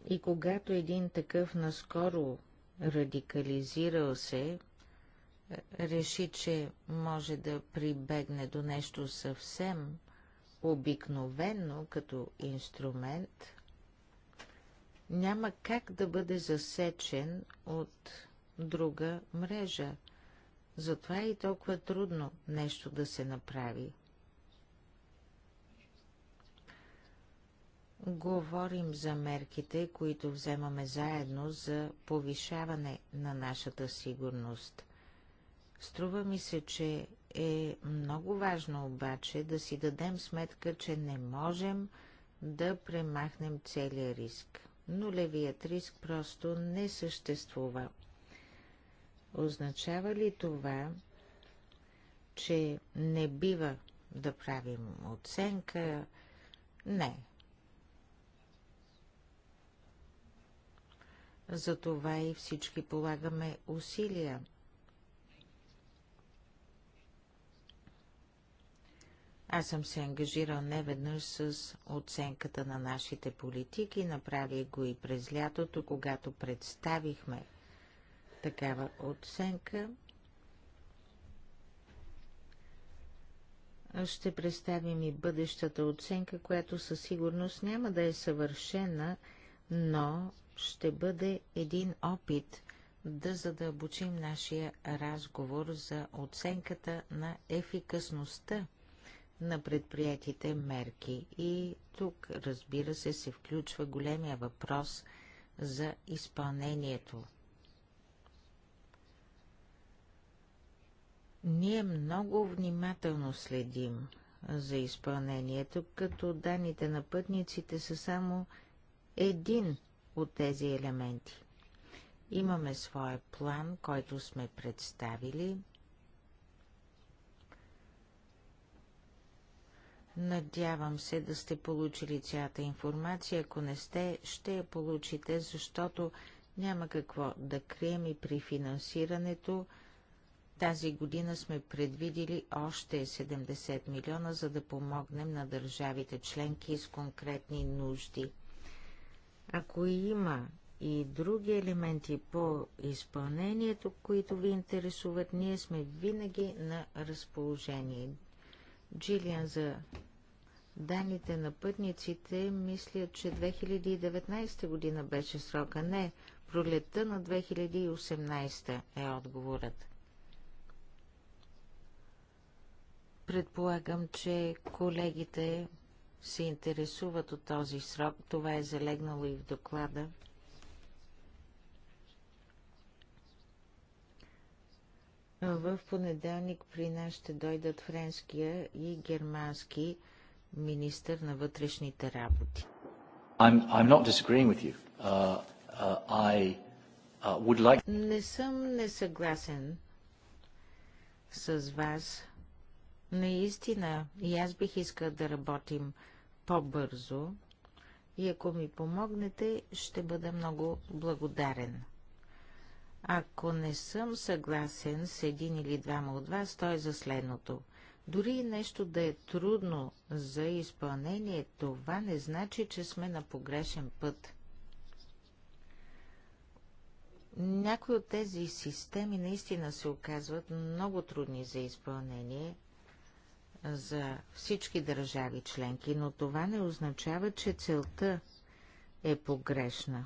И когато един такъв наскоро радикализирал се, е, реши, че може да прибегне до нещо съвсем обикновено като инструмент, няма как да бъде засечен от друга мрежа – затова е и толкова трудно нещо да се направи. Говорим за мерките, които вземаме заедно за повишаване на нашата сигурност. Струва ми се, че е много важно обаче да си дадем сметка, че не можем да премахнем целия риск. Нулевият риск просто не съществува. Означава ли това, че не бива да правим оценка? Не. Затова и всички полагаме усилия. Аз съм се ангажирал неведнъж с оценката на нашите политики, направих го и през лятото, когато представихме такава оценка. Ще представим и бъдещата оценка, която със сигурност няма да е съвършена, но ще бъде един опит да задълбочим нашия разговор за оценката на ефикасността на предприятите мерки. И тук, разбира се, се включва големия въпрос за изпълнението – Ние много внимателно следим за изпълнението, като данните на пътниците са само един от тези елементи. Имаме своя план, който сме представили. Надявам се да сте получили цялата информация. Ако не сте, ще я получите, защото няма какво да крием и при финансирането – тази година сме предвидили още 70 милиона, за да помогнем на държавите членки с конкретни нужди. Ако има и други елементи по изпълнението, които ви интересуват, ние сме винаги на разположение. Джилиан за данните на пътниците, мисля, че 2019 година беше срока. Не, пролетта на 2018 е отговорът. Предполагам, че колегите се интересуват от този срок. Това е залегнало и в доклада. В понеделник при нас ще дойдат френския и германски министър на вътрешните работи. I'm, I'm not disagreeing with you. Uh, uh, I uh, would like... Не съм несъгласен с вас. Наистина, и аз бих искал да работим по-бързо и ако ми помогнете, ще бъда много благодарен. Ако не съм съгласен с един или двама от вас, то е за следното. Дори нещо да е трудно за изпълнение, това не значи, че сме на погрешен път. Някои от тези системи наистина се оказват много трудни за изпълнение, за всички държави членки, но това не означава, че целта е погрешна.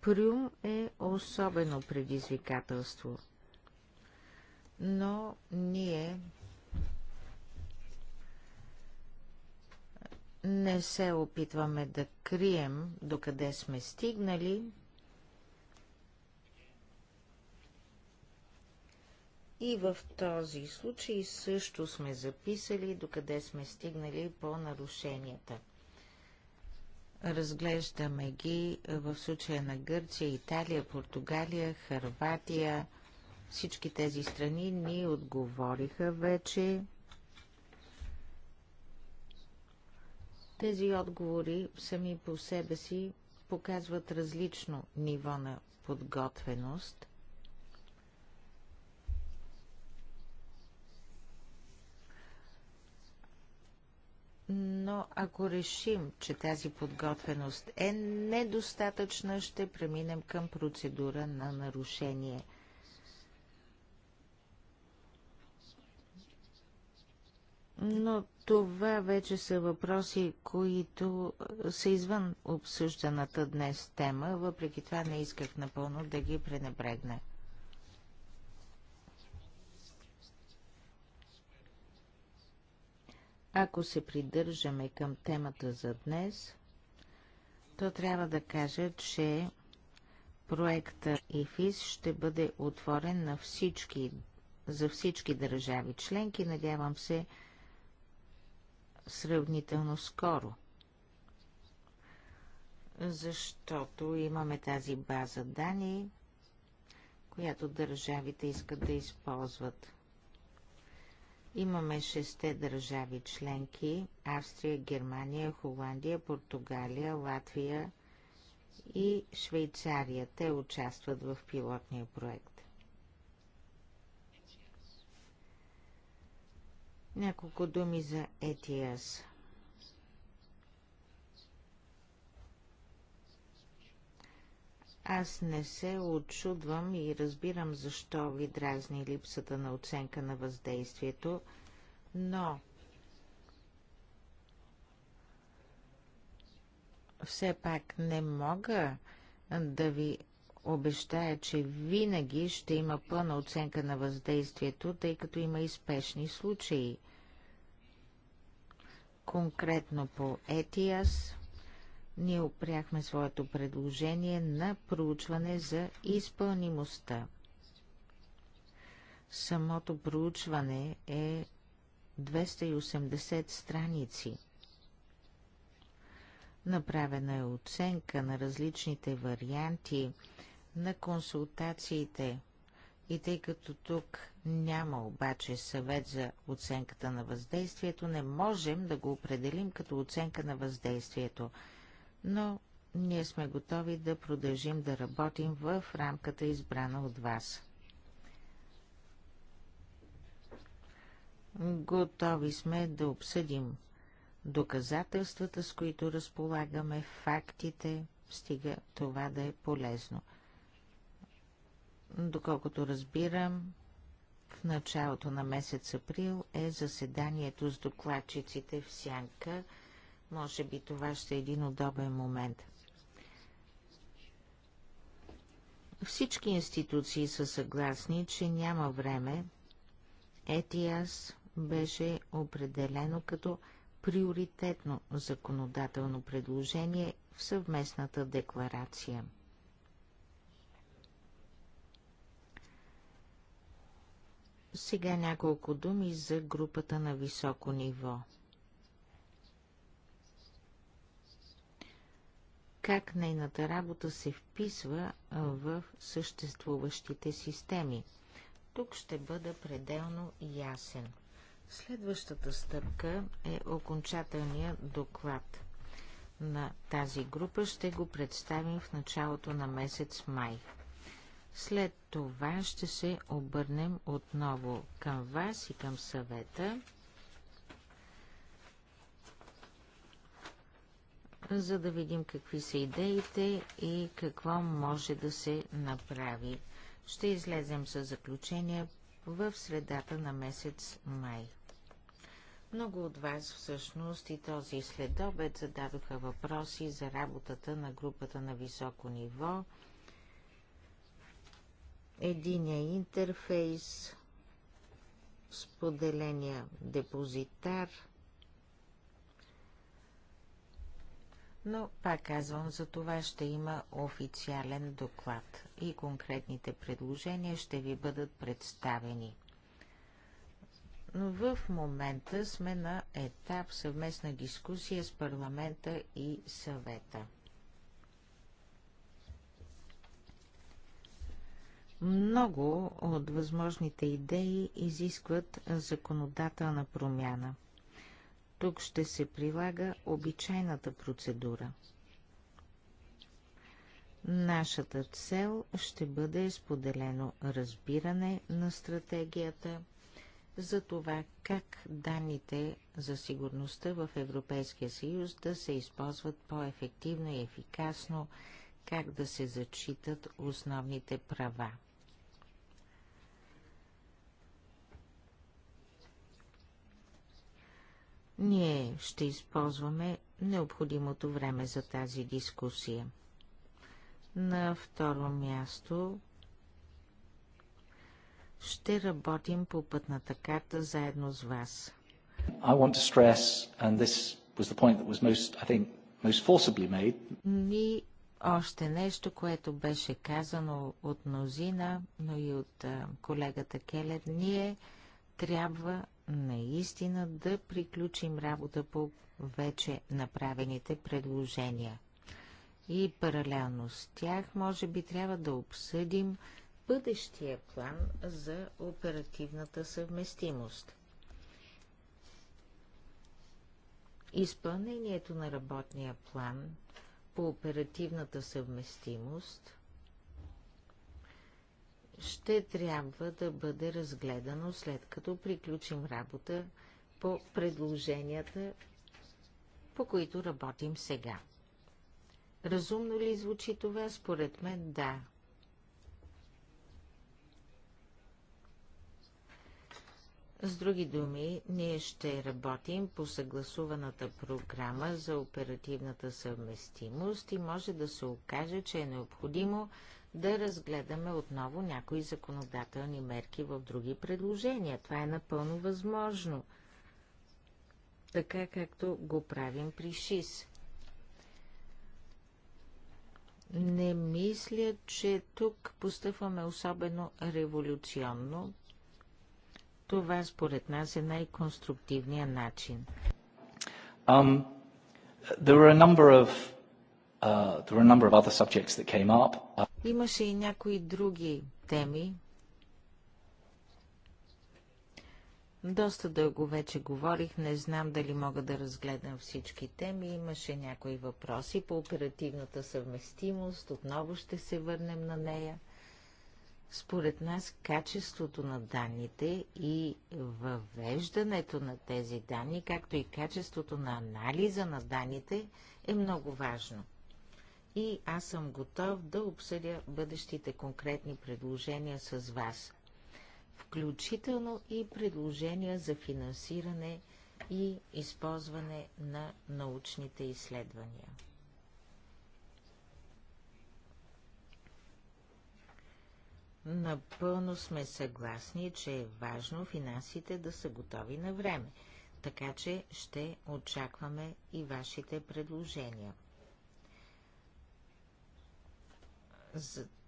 Прюм е особено предизвикателство. Но ние не се опитваме да крием докъде сме стигнали, И в този случай също сме записали докъде сме стигнали по нарушенията. Разглеждаме ги в случая на Гърция, Италия, Португалия, Харватия. Всички тези страни ни отговориха вече. Тези отговори сами по себе си показват различно ниво на подготвеност. но ако решим, че тази подготвеност е недостатъчна, ще преминем към процедура на нарушение. Но това вече са въпроси, които са извън обсъжданата днес тема, въпреки това не исках напълно да ги пренебрегна. Ако се придържаме към темата за днес, то трябва да кажа, че проекта ИФИС ще бъде отворен на всички, за всички държави членки, надявам се, сравнително скоро. Защото имаме тази база данни, която държавите искат да използват. Имаме шесте държави членки – Австрия, Германия, Холандия, Португалия, Латвия и Швейцария. Те участват в пилотния проект. Няколко думи за ETS – Аз не се очудвам и разбирам защо ви дразни липсата на оценка на въздействието, но все пак не мога да ви обещая, че винаги ще има пълна оценка на въздействието, тъй като има и спешни случаи. Конкретно по Етиас ние опряхме своето предложение на проучване за изпълнимостта. Самото проучване е 280 страници. Направена е оценка на различните варианти на консултациите и тъй като тук няма обаче съвет за оценката на въздействието, не можем да го определим като оценка на въздействието – но ние сме готови да продължим да работим в рамката избрана от вас. Готови сме да обсъдим доказателствата, с които разполагаме, фактите, стига това да е полезно. Доколкото разбирам, в началото на месец април е заседанието с докладчиците в Сянка – може би това ще е един удобен момент. Всички институции са съгласни, че няма време. ЕТИАС беше определено като приоритетно законодателно предложение в съвместната декларация. Сега няколко думи за групата на високо ниво – как нейната работа се вписва в съществуващите системи. Тук ще бъда пределно ясен. Следващата стъпка е окончателният доклад на тази група. Ще го представим в началото на месец май. След това ще се обърнем отново към вас и към съвета за да видим какви са идеите и какво може да се направи. Ще излезем с заключение в средата на месец май. Много от вас всъщност и този следобед зададоха въпроси за работата на групата на високо ниво, единия интерфейс, споделения депозитар – но пак казвам, за това ще има официален доклад и конкретните предложения ще ви бъдат представени. В момента сме на етап съвместна дискусия с парламента и съвета. Много от възможните идеи изискват законодателна промяна – тук ще се прилага обичайната процедура. Нашата цел ще бъде споделено разбиране на стратегията за това как данните за сигурността в Европейския съюз да се използват по-ефективно и ефикасно, как да се зачитат основните права. Ние ще използваме необходимото време за тази дискусия. На второ място ще работим по пътната карта заедно с вас. I want to stress, and this was the point that was most, I think, most forcibly made. още нещо, което беше казано от мнозина, но и от колегата Келер, ние трябва наистина да приключим работа по вече направените предложения. И паралелно с тях, може би, трябва да обсъдим бъдещия план за оперативната съвместимост. Изпълнението на работния план по оперативната съвместимост ще трябва да бъде разгледано след като приключим работа по предложенията, по които работим сега. Разумно ли звучи това? Според мен да. С други думи, ние ще работим по съгласуваната програма за оперативната съвместимост и може да се окаже, че е необходимо да разгледаме отново някои законодателни мерки в други предложения. Това е напълно възможно, така както го правим при ШИС. Не мисля, че тук постъпваме особено революционно. Това според нас е най-конструктивният начин. Um, there were a number of uh, there were a number of other subjects that came up. Uh... Имаше и някои други теми. Доста дълго вече говорих, не знам дали мога да разгледам всички теми. Имаше някои въпроси по оперативната съвместимост, отново ще се върнем на нея. Според нас качеството на данните и въвеждането на тези данни, както и качеството на анализа на данните е много важно – и аз съм готов да обсъдя бъдещите конкретни предложения с вас, включително и предложения за финансиране и използване на научните изследвания. Напълно сме съгласни, че е важно финансите да са готови на време, така че ще очакваме и вашите предложения.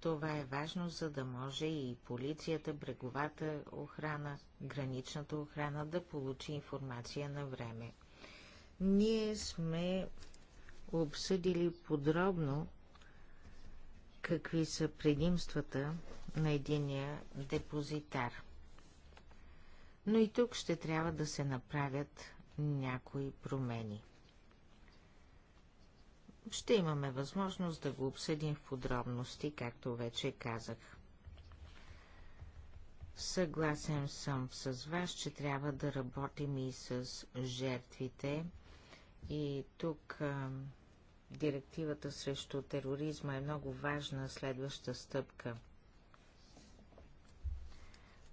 Това е важно, за да може и полицията, бреговата охрана, граничната охрана да получи информация на време. Ние сме обсъдили подробно какви са предимствата на единия депозитар. Но и тук ще трябва да се направят някои промени. Ще имаме възможност да го обсъдим в подробности, както вече казах. Съгласен съм с вас, че трябва да работим и с жертвите. И тук а, директивата срещу тероризма е много важна следваща стъпка.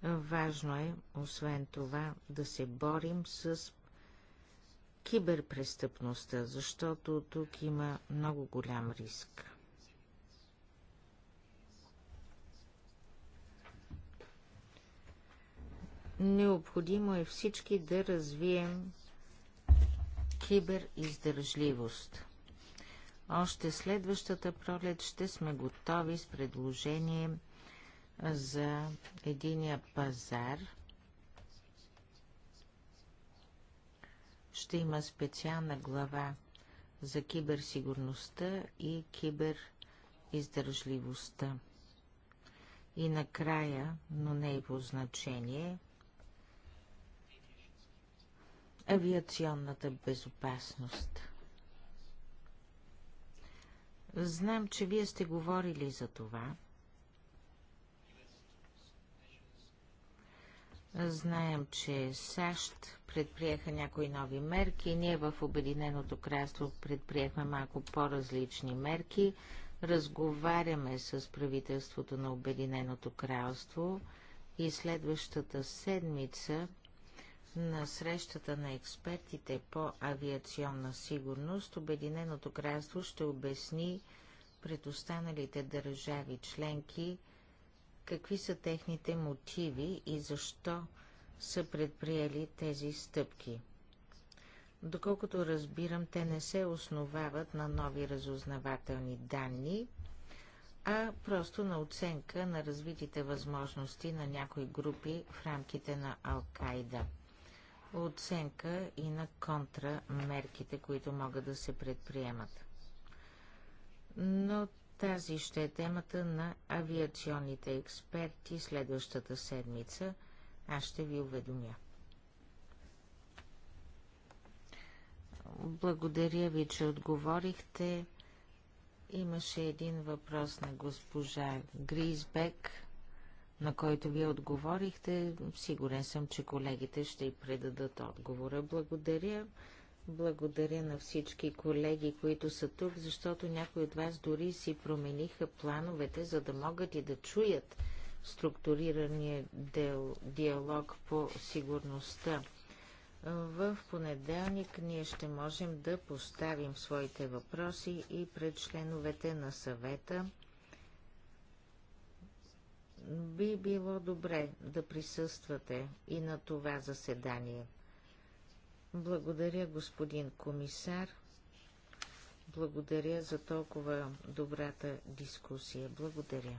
Важно е, освен това, да се борим с киберпрестъпността, защото тук има много голям риск. Необходимо е всички да развием кибериздържливост. Още следващата пролет ще сме готови с предложение за единия пазар – ще има специална глава за киберсигурността и кибериздържливостта. И накрая, но не и по значение, авиационната безопасност. Знам, че вие сте говорили за това – Знаем, че САЩ предприеха някои нови мерки. Ние в Обединеното кралство предприехме малко по-различни мерки. Разговаряме с правителството на Обединеното кралство и следващата седмица на срещата на експертите по авиационна сигурност Обединеното кралство ще обясни пред останалите държави членки какви са техните мотиви и защо са предприели тези стъпки. Доколкото разбирам, те не се основават на нови разузнавателни данни, а просто на оценка на развитите възможности на някои групи в рамките на Ал-Кайда. Оценка и на контрамерките, които могат да се предприемат. Но тази ще е темата на авиационните експерти следващата седмица. Аз ще ви уведомя. Благодаря ви, че отговорихте. Имаше един въпрос на госпожа Гризбек, на който вие отговорихте. Сигурен съм, че колегите ще й предадат отговора. Благодаря. Благодаря на всички колеги, които са тук, защото някои от вас дори си промениха плановете, за да могат и да чуят структурирания диалог по сигурността. В понеделник ние ще можем да поставим своите въпроси и пред членовете на съвета. Би било добре да присъствате и на това заседание – благодаря, господин комисар. Благодаря за толкова добрата дискусия. Благодаря.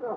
Да.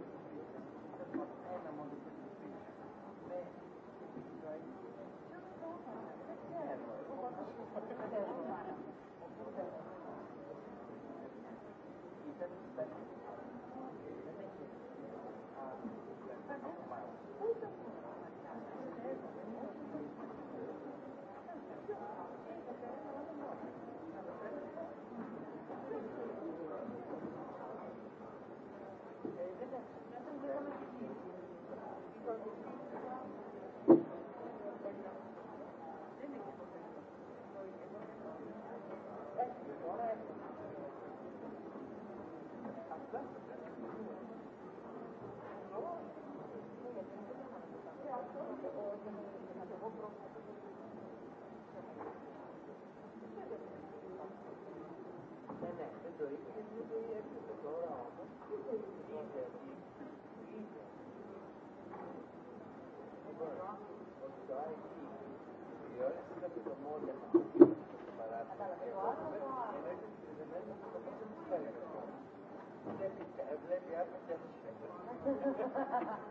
ha, you.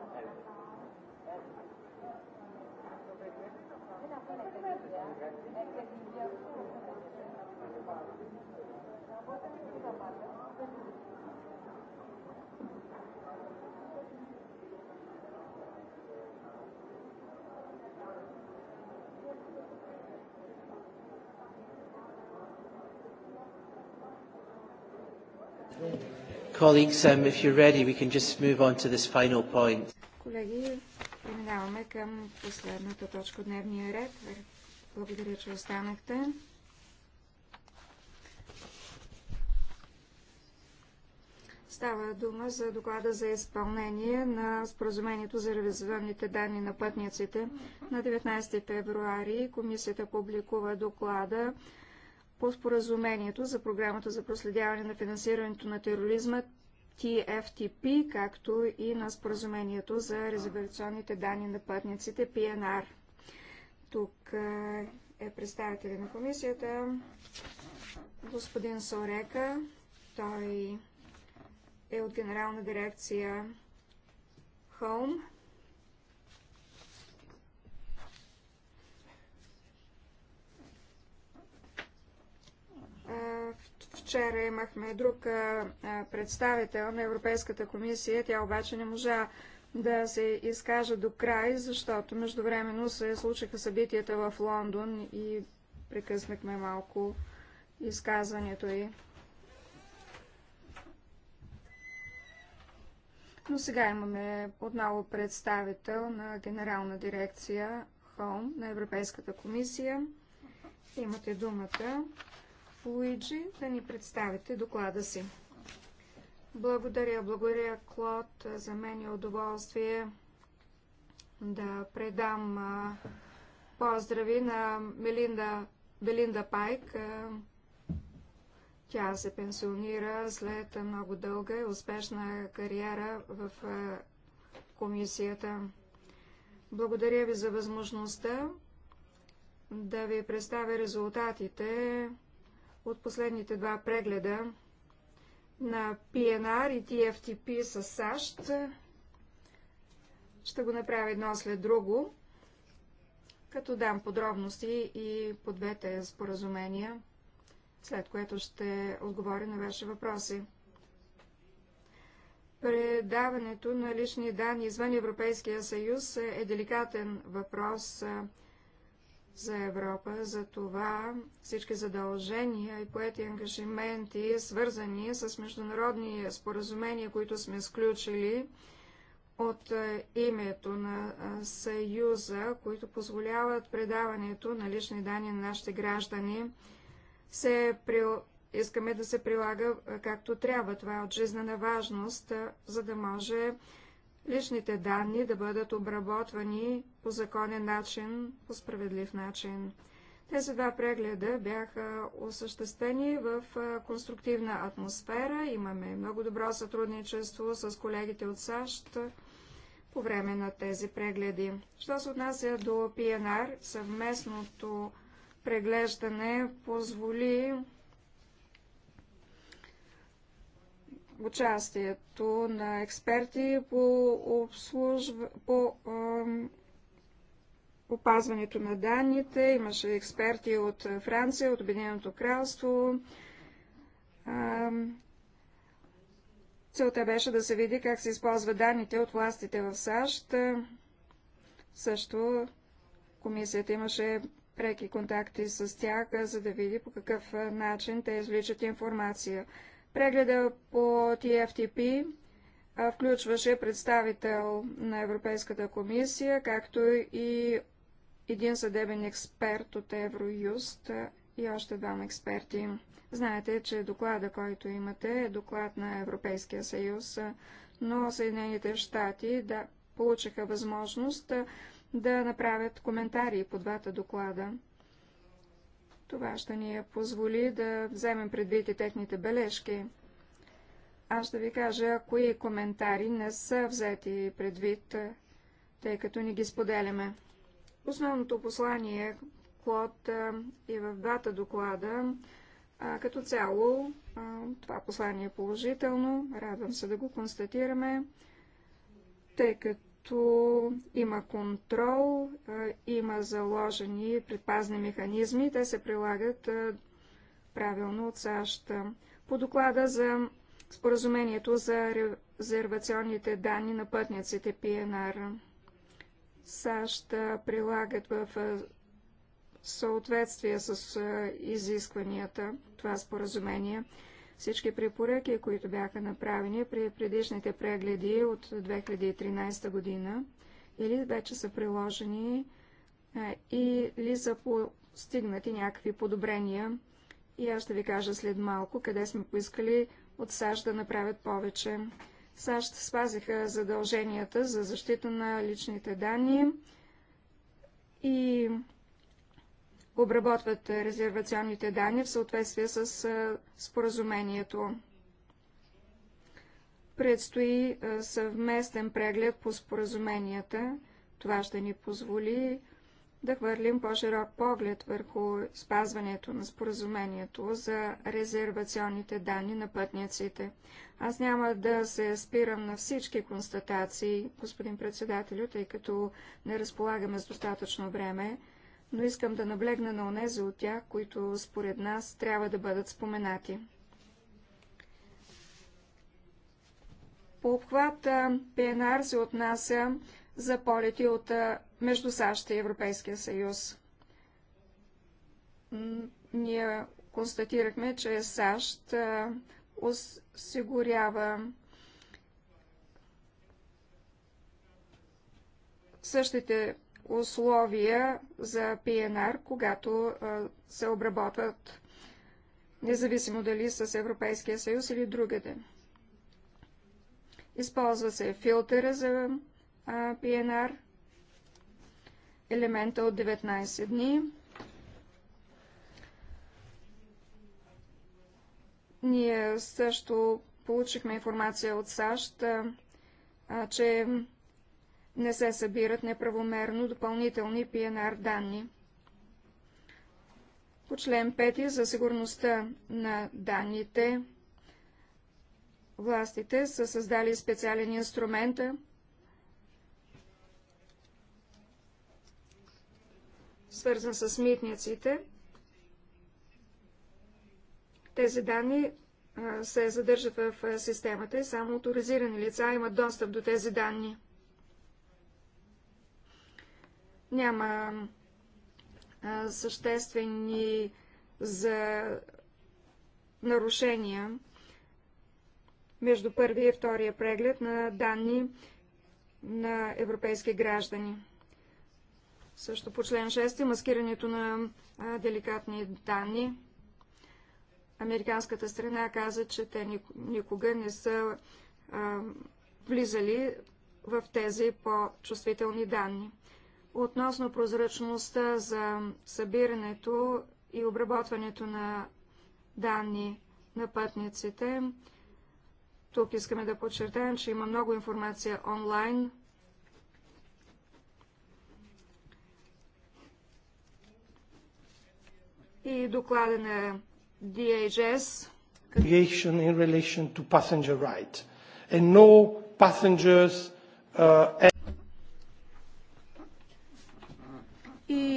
Colleagues, um, if you're ready, we can just move on to this final point. Колеги, преминаваме към последната точка от дневния ред, благодаря, че останахте. Става дума за доклада за изпълнение на споразумението за ревизионните данни на пътниците. На 19 февруари комисията публикува доклада по споразумението за програмата за проследяване на финансирането на тероризма TFTP, както и на споразумението за резервационните данни на пътниците PNR. Тук е представителя на комисията, господин Сорека. Той е от генерална дирекция Home. Вчера имахме друг представител на Европейската комисия, тя обаче не можа да се изкажа до край, защото междувременно се случиха събитията в Лондон и прекъснахме малко изказването й. Но сега имаме отново представител на Генерална дирекция Home на Европейската комисия. Имате думата, Луиджи, да ни представите доклада си. Благодаря, благодаря, Клод. За мен е удоволствие да предам а, поздрави на Мелинда, Белинда Пайк. А, тя се пенсионира след много дълга и успешна кариера в а, комисията. Благодаря ви за възможността да ви представя резултатите от последните два прегледа на PNR и TFTP с САЩ. Ще го направя едно след друго, като дам подробности и по двете споразумения, след което ще отговоря на ваши въпроси. Предаването на лични данни извън Европейския съюз е деликатен въпрос за Европа, за това всички задължения и поети ангажименти, свързани с международни споразумения, които сме сключили от е, името на е, Съюза, които позволяват предаването на лични данни на нашите граждани, се при... искаме да се прилага е, както трябва. Това е от жизнена важност, за да може личните данни да бъдат обработвани по законен начин, по справедлив начин. Тези два прегледа бяха осъществени в конструктивна атмосфера. Имаме много добро сътрудничество с колегите от САЩ по време на тези прегледи. Що се отнася до ПНР, съвместното преглеждане позволи участието на експерти по, обслужва, по ам, опазването на данните. Имаше експерти от Франция, от Обединеното кралство. Ам, целта беше да се види как се използват данните от властите в САЩ. Също комисията имаше преки контакти с тях, за да види по какъв начин те извличат информация. Прегледа по TFTP включваше представител на Европейската комисия, както и един съдебен експерт от Евроюст и още двама експерти. Знаете, че доклада, който имате, е доклад на Европейския съюз, но Съединените щати да получиха възможност да направят коментари по двата доклада. Това ще ни я е позволи да вземем предвид и техните бележки. Аз ще ви кажа, кои коментари не са взети предвид, тъй като ни ги споделяме. Основното послание, Клод и в двата доклада, като цяло това послание е положително, радвам се да го констатираме, тъй като когато има контрол, има заложени предпазни механизми, те се прилагат правилно от САЩ. По доклада за споразумението за резервационните данни на пътниците ПНР, САЩ прилагат в съответствие с изискванията това споразумение. Всички препоръки, които бяха направени при предишните прегледи от 2013 година, или вече са приложени, или са постигнати някакви подобрения. И аз ще ви кажа след малко, къде сме поискали от САЩ да направят повече. САЩ спазиха задълженията за защита на личните данни и обработват резервационните данни в съответствие с споразумението. Предстои съвместен преглед по споразуменията. Това ще ни позволи да хвърлим по-широк поглед върху спазването на споразумението за резервационните данни на пътниците. Аз няма да се спирам на всички констатации, господин председателю, тъй като не разполагаме с достатъчно време но искам да наблегна на онези от тях, които според нас трябва да бъдат споменати. По обхват ПНР се отнася за полети от между САЩ и Европейския съюз. Ние констатирахме, че САЩ осигурява същите условия за ПНР, когато се обработват, независимо дали с Европейския съюз или другаде. Използва се филтъра за ПНР, елемента от 19 дни. Ние също получихме информация от САЩ, че не се събират неправомерно допълнителни ПНР данни. По член 5 за сигурността на данните властите са създали специален инструмент, свързан с митниците. Тези данни се задържат в системата и само авторизирани лица имат достъп до тези данни. Няма съществени за нарушения между първия и втория преглед на данни на европейски граждани. Също по член 6 маскирането на деликатни данни. Американската страна каза, че те никога не са влизали в тези по-чувствителни данни. Относно прозрачността за събирането и обработването на данни на пътниците, тук искаме да подчертаем, че има много информация онлайн. И доклада на DHS. in relation to passenger right. And no passengers uh,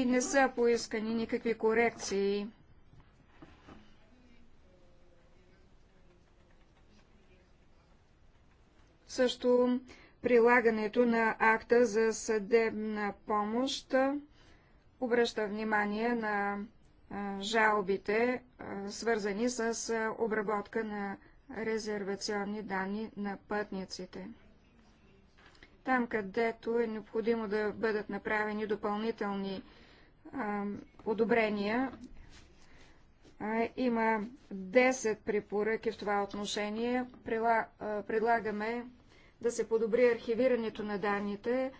не са поискани никакви корекции. Също прилагането на акта за съдебна помощ обръща внимание на жалбите, свързани с обработка на резервационни данни на пътниците. Там, където е необходимо да бъдат направени допълнителни одобрения. Има 10 препоръки в това отношение. Предлагаме да се подобри архивирането на данните,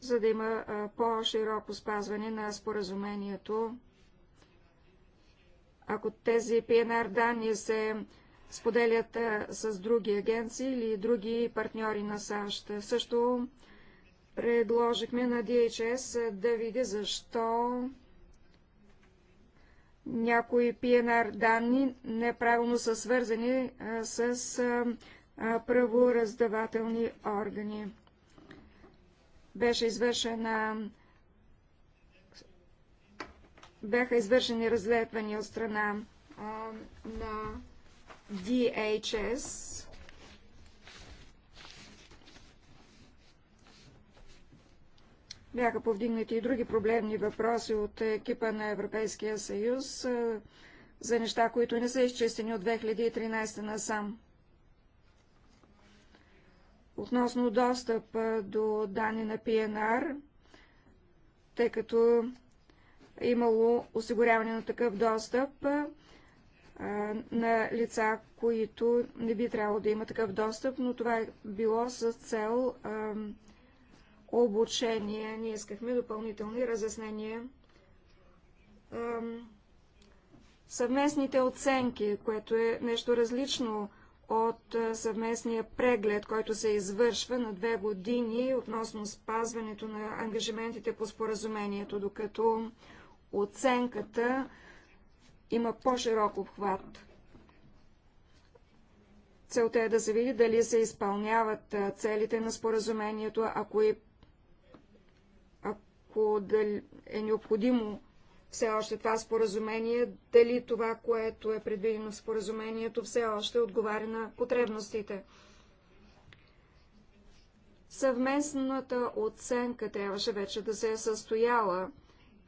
за да има по-широко спазване на споразумението. Ако тези PNR данни се споделят с други агенции или други партньори на САЩ. Също Предложихме на DHS да види защо някои PNR данни неправилно са свързани с правораздавателни органи. Беше извършена бяха извършени разследвания от страна а, на DHS Бяха повдигнати и други проблемни въпроси от екипа на Европейския съюз за неща, които не са изчистени от 2013 насам. Относно достъп до данни на ПНР, тъй като имало осигуряване на такъв достъп на лица, които не би трябвало да има такъв достъп, но това е било с цел обучение. Ние искахме допълнителни разяснения. Съвместните оценки, което е нещо различно от съвместния преглед, който се извършва на две години относно спазването на ангажиментите по споразумението, докато оценката има по-широк обхват. Целта е да се види дали се изпълняват целите на споразумението, ако и ако е необходимо все още това споразумение, дали това, което е предвидено в споразумението, все още отговаря на потребностите. Съвместната оценка трябваше вече да се е състояла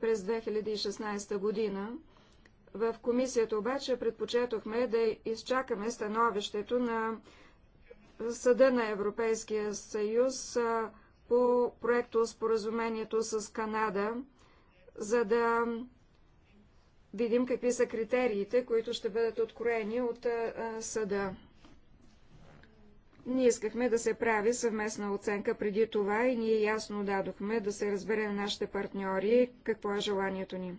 през 2016 година. В комисията обаче предпочетохме да изчакаме становището на Съда на Европейския съюз по проекто споразумението с Канада, за да видим какви са критериите, които ще бъдат откроени от а, съда. Ние искахме да се прави съвместна оценка преди това и ние ясно дадохме да се разбере на нашите партньори какво е желанието ни.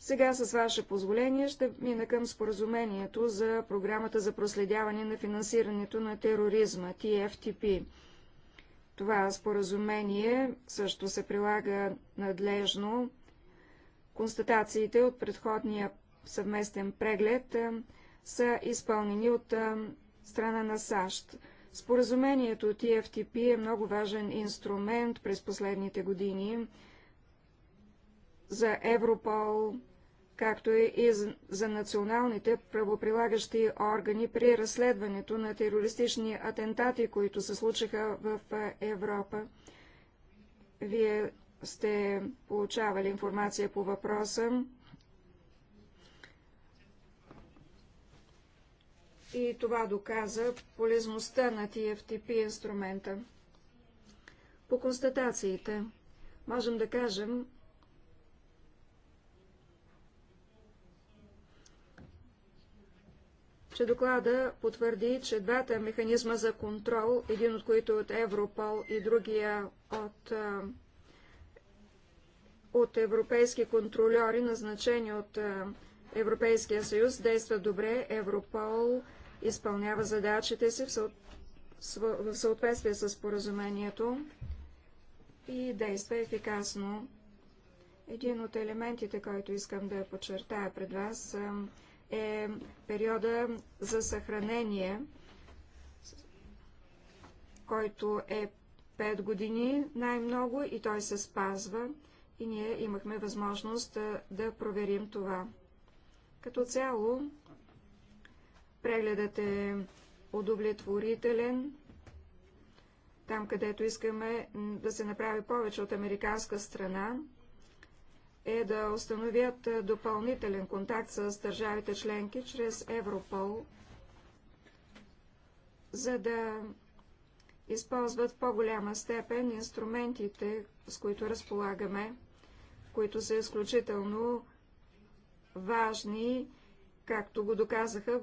Сега, с ваше позволение, ще мина към споразумението за програмата за проследяване на финансирането на тероризма, TFTP. Това споразумение също се прилага надлежно. Констатациите от предходния съвместен преглед са изпълнени от страна на САЩ. Споразумението от EFTP е много важен инструмент през последните години за Европол, както и за националните правоприлагащи органи при разследването на терористични атентати, които се случиха в Европа. Вие сте получавали информация по въпроса. И това доказа полезността на TFTP инструмента. По констатациите можем да кажем, че доклада потвърди, че двата механизма за контрол, един от които от Европол и другия от, от европейски контролери, назначени от Европейския съюз, действа добре. Европол изпълнява задачите си в, съответствие с споразумението и действа ефикасно. Един от елементите, който искам да подчертая пред вас, е периода за съхранение, който е 5 години най-много и той се спазва и ние имахме възможност да, да проверим това. Като цяло, прегледът е удовлетворителен. Там, където искаме да се направи повече от американска страна, е да установят е, допълнителен контакт с държавите членки чрез Европол, за да използват в по-голяма степен инструментите, с които разполагаме, които са изключително важни, както го доказаха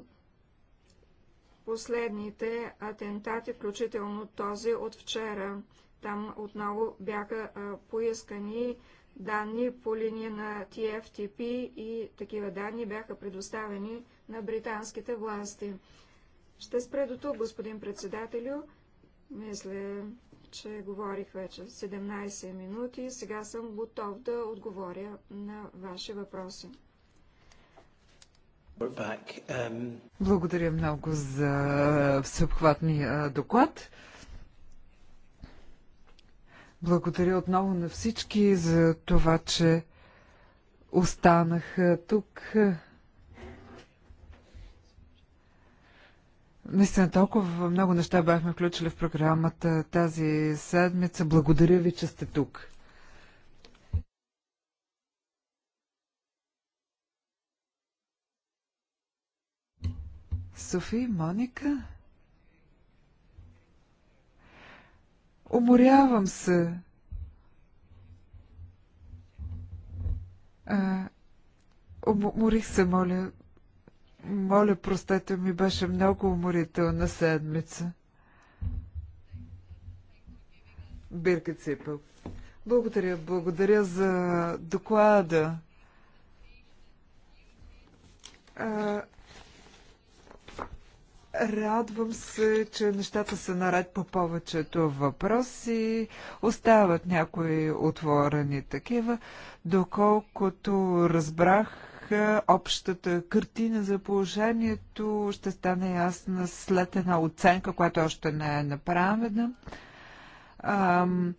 последните атентати, включително този от вчера. Там отново бяха поискани данни по линия на TFTP и такива данни бяха предоставени на британските власти. Ще спре до тук, господин председателю. Мисля, че говорих вече 17 минути. Сега съм готов да отговоря на ваши въпроси. Um, Благодаря много за всеобхватния доклад. Благодаря отново на всички за това, че останаха тук. Наистина толкова много неща бяхме включили в програмата тази седмица. Благодаря ви, че сте тук. Софи, Моника? Уморявам се. уморих се, моля. Моля, простете ми, беше много уморителна седмица. Бирка Ципъл. Благодаря, благодаря за доклада. А, Радвам се, че нещата са наред по повечето въпроси. Остават някои отворени такива. Доколкото разбрах, е, общата картина за положението ще стане ясна след една оценка, която още не е направена. Ам,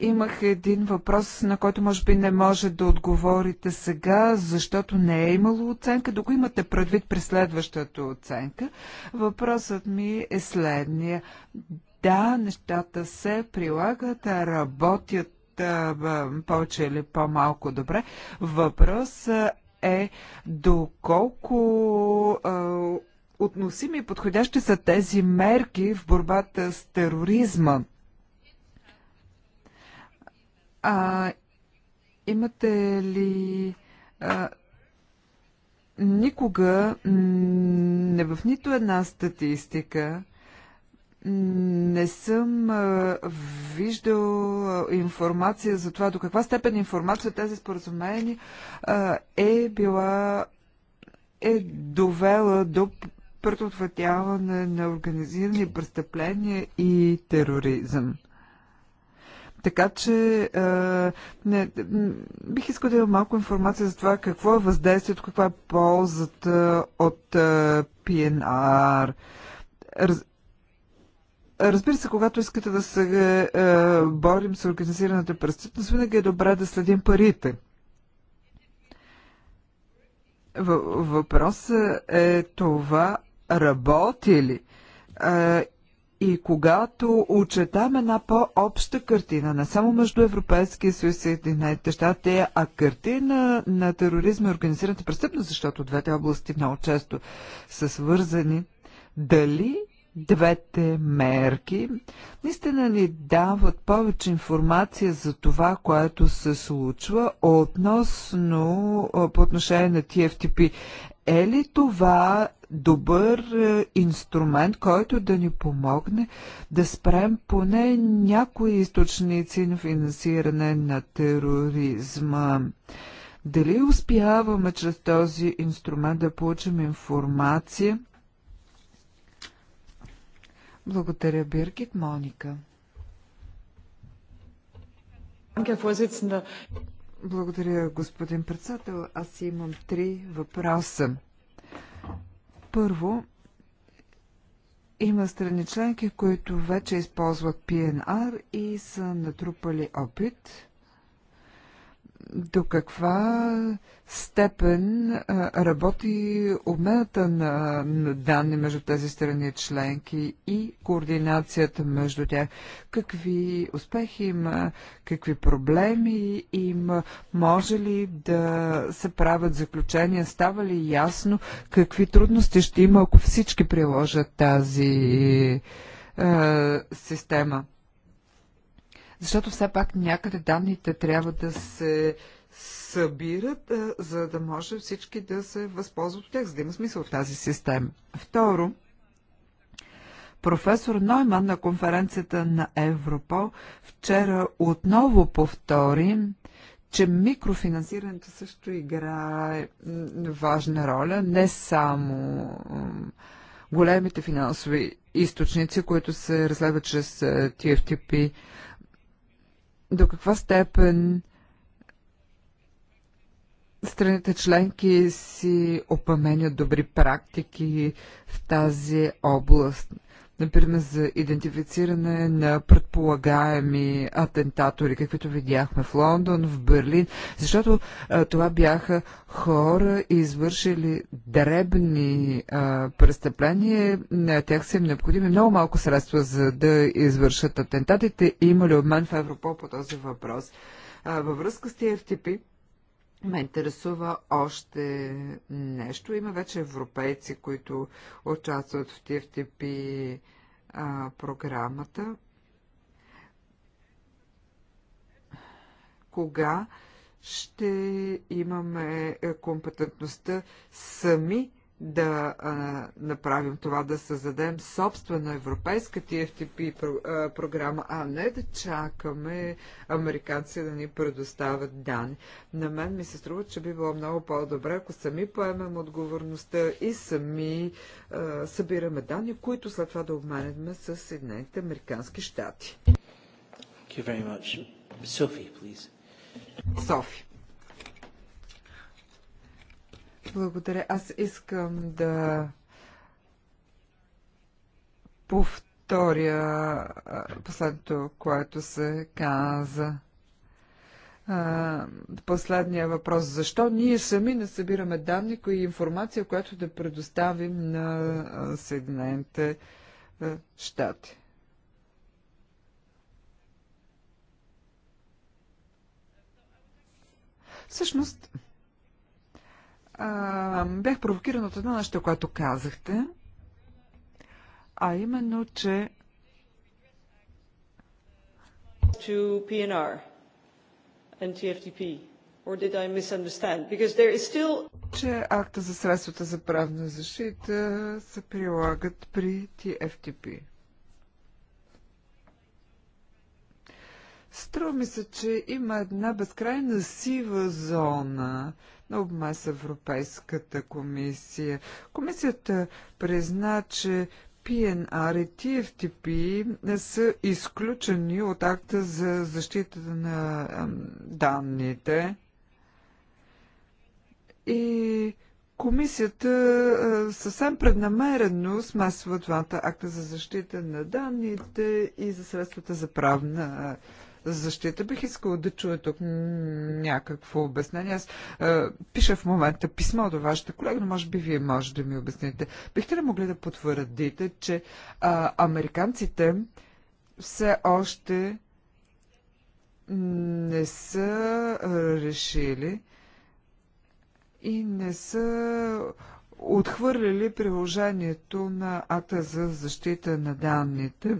Имах един въпрос, на който може би не може да отговорите сега, защото не е имало оценка. Докато имате предвид при следващата оценка, въпросът ми е следния. Да, нещата се прилагат, работят повече или по-малко добре. Въпрос е доколко относими и подходящи са тези мерки в борбата с тероризма. А, имате ли а, никога не в нито една статистика не съм а, виждал информация за това до каква степен информация от тези споразумения а, е била е довела до предотвратяване на организирани престъпления и тероризъм. Така че а, е, не, бих искал да имам малко информация за това какво е въздействието, каква е ползата от е, PNR. Раз, Разбира се, когато искате да се а, е, борим с организираната престъпност, винаги е добре да следим парите. Въпросът е това работи ли? Е, и когато очетаме една по-обща картина, не само между Европейския съюз и Съединените щати, а картина на тероризма и организираната престъпност, защото двете области много често са свързани, дали двете мерки наистина ни дават повече информация за това, което се случва относно по отношение на TFTP е ли това добър е, инструмент, който да ни помогне да спрем поне някои източници на финансиране на тероризма? Дали успяваме чрез този инструмент да получим информация? Благодаря, Биргит. Моника. Благодаря, господин председател. Аз имам три въпроса. Първо, има страни членки, които вече използват PNR и са натрупали опит до каква степен работи обмената на, данни между тези страни членки и координацията между тях? Какви успехи има, какви проблеми има, може ли да се правят заключения, става ли ясно какви трудности ще има, ако всички приложат тази е, система? Защото все пак някъде данните трябва да се събират, за да може всички да се възползват от тях, за да има смисъл в тази система. Второ, професор Нойман на конференцията на Европол вчера отново повтори, че микрофинансирането също играе важна роля, не само големите финансови източници, които се разследват чрез TFTP до каква степен страните членки си опаменят добри практики в тази област например за идентифициране на предполагаеми атентатори, каквито видяхме в Лондон, в Берлин, защото а, това бяха хора, извършили дребни а, престъпления, на тях са им необходими много малко средства за да извършат атентатите. Има ли обмен в Европол по този въпрос? А, във връзка с FTP ме интересува още нещо. Има вече европейци, които участват в TFTP а, програмата. Кога ще имаме е, компетентността сами да а, направим това, да създадем собствена европейска TFTP програма, а не да чакаме американци да ни предоставят данни. На мен ми се струва, че би било много по-добре, ако сами поемем отговорността и сами а, събираме данни, които след това да обменяме с Съединените Американски щати. Софи. Благодаря. Аз искам да повторя последното, което се каза. Последния въпрос. Защо ние сами не събираме данни и информация, която да предоставим на Съединените щати? Всъщност, а, бях провокиран от едно нещо, което казахте, а именно, че to PNR and TFTP? Or did I misunderstand? Because there is still... Че акта за средствата за правна защита се прилагат при TFTP. Струва ми се, че има една безкрайна сива зона на обма с Европейската комисия. Комисията призна, че PNR и TFTP са изключени от акта за защита на данните. И комисията съвсем преднамерено смесва двата акта за защита на данните и за средствата за правна защита. Бих искала да чуя тук някакво обяснение. Аз е, пиша в момента писмо до вашите колеги, но може би вие може да ми обясните. Бихте ли могли да потвърдите, че а, американците все още не са решили и не са отхвърлили приложението на акта за защита на данните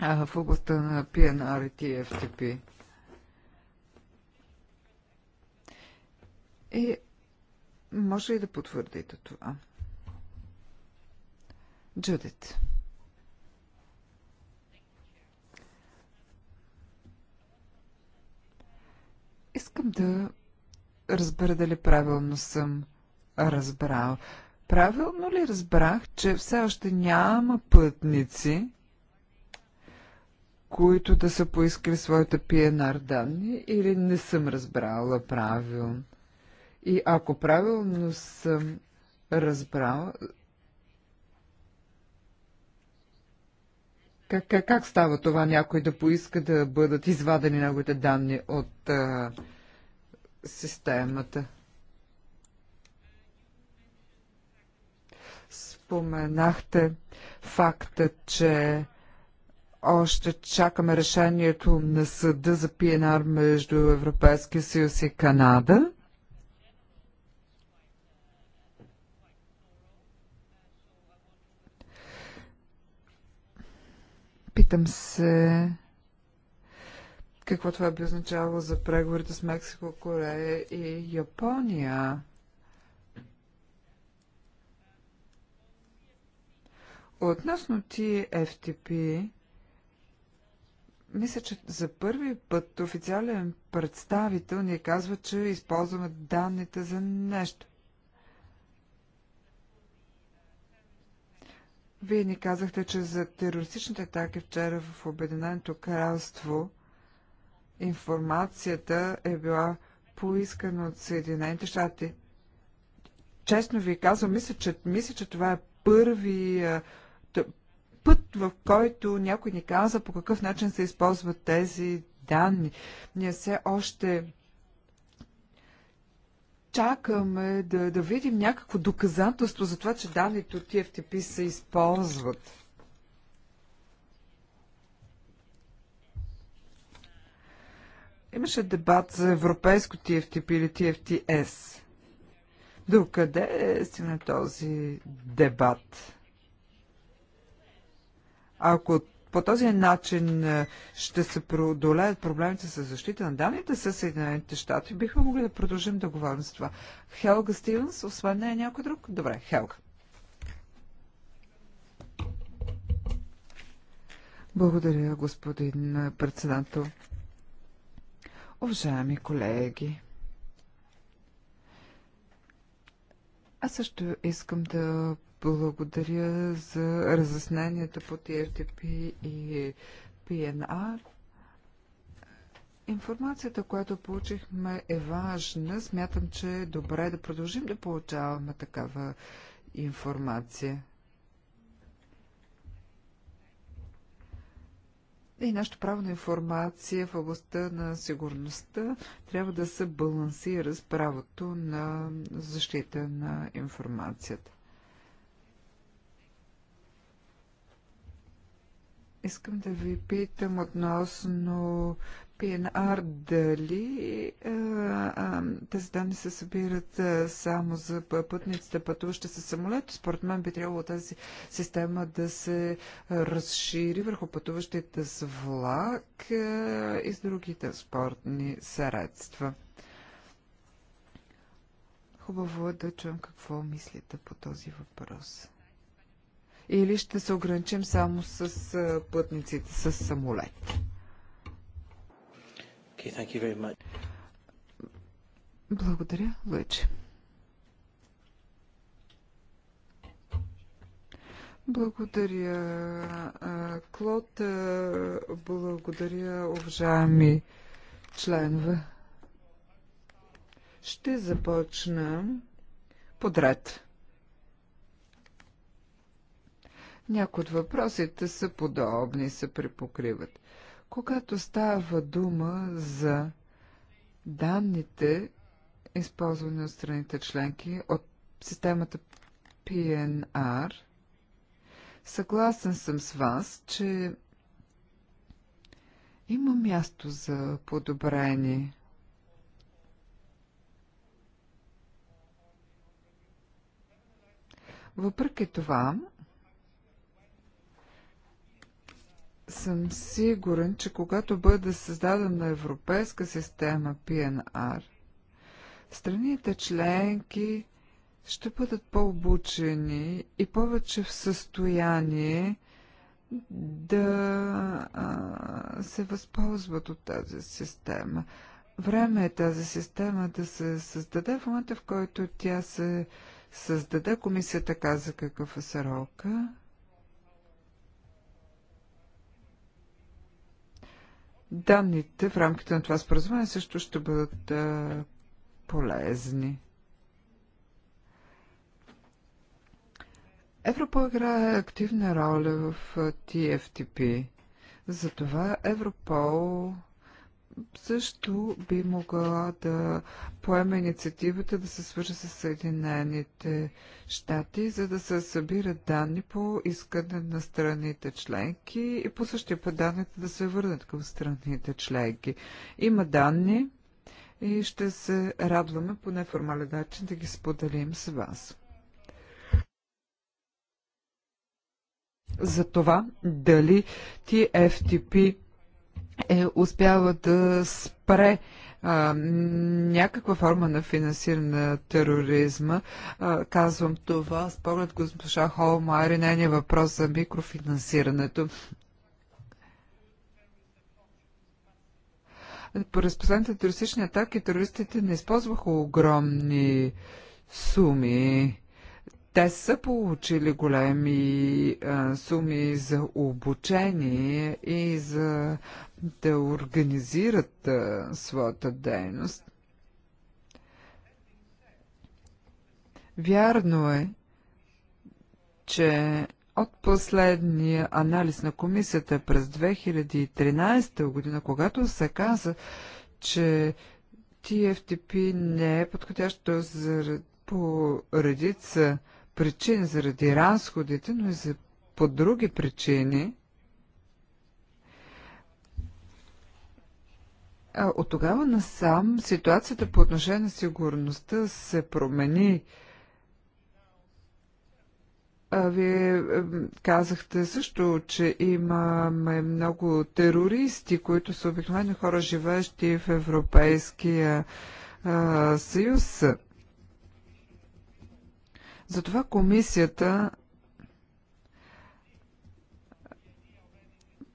в областта на PNR и TFTP. И може ли да потвърдите това? Джудит. Искам да разбера дали правилно съм разбрал. Правилно ли разбрах, че все още няма пътници, които да са поискали своите PNR данни или не съм разбрала правилно. И ако правилно съм разбрала, как, как, как става това някой да поиска да бъдат извадени неговите данни от а, системата? Споменахте факта, че още чакаме решението на съда за ПНР между Европейския съюз и Канада. Питам се какво това би означавало за преговорите с Мексико, Корея и Япония. Относно ти FTP, мисля, че за първи път официален представител ни казва, че използваме данните за нещо. Вие ни казахте, че за терористичните атаки вчера в Обединеното кралство информацията е била поискана от Съединените щати. Честно ви казвам, мисля, че, мисля, че това е първи, път, в който някой ни каза по какъв начин се използват тези данни. Ние все още чакаме да, да видим някакво доказателство за това, че данните от TFTP се използват. Имаше дебат за европейско TFTP или TFTS. До къде е стигна този дебат? Ако по този начин е, ще се преодолеят проблемите с защита на данните с Съединените щати, бихме могли да продължим да говорим с това. Хелга Стивенс, освен не е някой друг? Добре, Хелга. Благодаря, господин председател. Уважаеми колеги, аз също искам да благодаря за разясненията по TFTP и PNR. Информацията, която получихме е важна. Смятам, че е добре да продължим да получаваме такава информация. И нашето право на информация в областта на сигурността трябва да се балансира с правото на защита на информацията. Искам да ви питам относно PNR дали а, а, тези данни се събират а, само за пътниците, пътуващи с самолет. Според мен би трябвало тази система да се разшири върху пътуващите с влак а, и с другите спортни средства. Хубаво е да чуем какво мислите по този въпрос или ще се ограничим само с пътниците с самолет? Okay, thank you very much. Благодаря, вече. Благодаря, Клод. Благодаря, уважаеми членове. Ще започна подред. Някои от въпросите са подобни, се препокриват. Когато става дума за данните, използвани от страните членки от системата PNR, съгласен съм с вас, че има място за подобрение. Въпреки това, съм сигурен, че когато бъде създадена европейска система PNR, страните членки ще бъдат по-обучени и повече в състояние да а, се възползват от тази система. Време е тази система да се създаде. В момента, в който тя се създаде, комисията каза какъв е срока. Данните в рамките на това споразумение също ще бъдат а, полезни. Европол играе активна роля в TFTP. Затова Европол също би могла да поеме инициативата да се свържа с Съединените щати, за да се събират данни по искане на страните членки и по същия път данните да се върнат към страните членки. Има данни и ще се радваме по неформален начин да ги споделим с вас. За това дали TFTP е успяла да спре а, някаква форма на финансиране на тероризма. А, казвам това, според госпожа Холмари, не е въпрос за микрофинансирането. През последните туристични атаки терористите не използваха огромни суми. Те са получили големи а, суми за обучение и за да организират а, своята дейност. Вярно е, че от последния анализ на комисията през 2013 година, когато се каза, че TFTP не е подходящо за по редица причини заради разходите, но и за, по други причини, От тогава насам ситуацията по отношение на сигурността се промени. Вие казахте също, че имаме много терористи, които са обикновени хора, живеещи в Европейския съюз. Затова комисията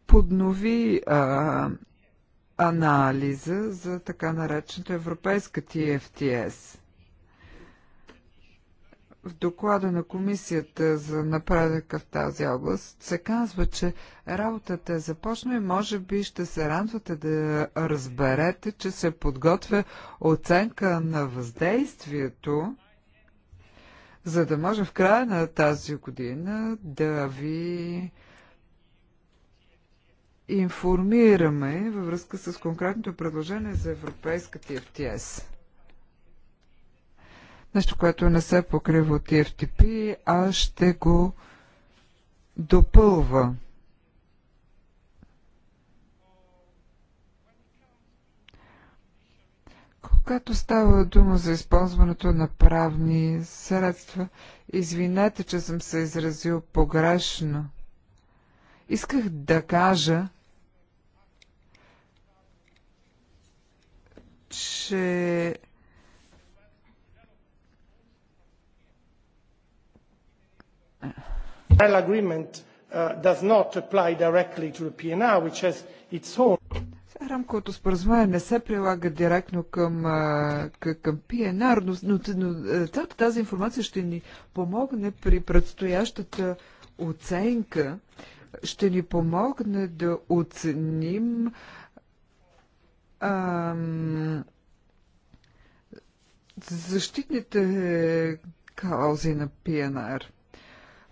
поднови а, анализа за така наречената европейска TFTS. В доклада на комисията за напредъка в тази област се казва, че работата е започна и може би ще се радвате да разберете, че се подготвя оценка на въздействието за да може в края на тази година да ви информираме във връзка с конкретното предложение за европейската FTS. Нещо, което не се покрива от FTP, а ще го допълва. Когато става дума за използването на правни средства, извинете, че съм се изразил погрешно. Исках да кажа, че agreement uh, does not apply directly to the PNR, which has its own Рамковото споразумение не се прилага директно към, към ПНР, но, но, но цялата тази информация ще ни помогне при предстоящата оценка, ще ни помогне да оценим ам, защитните каузи на ПНР.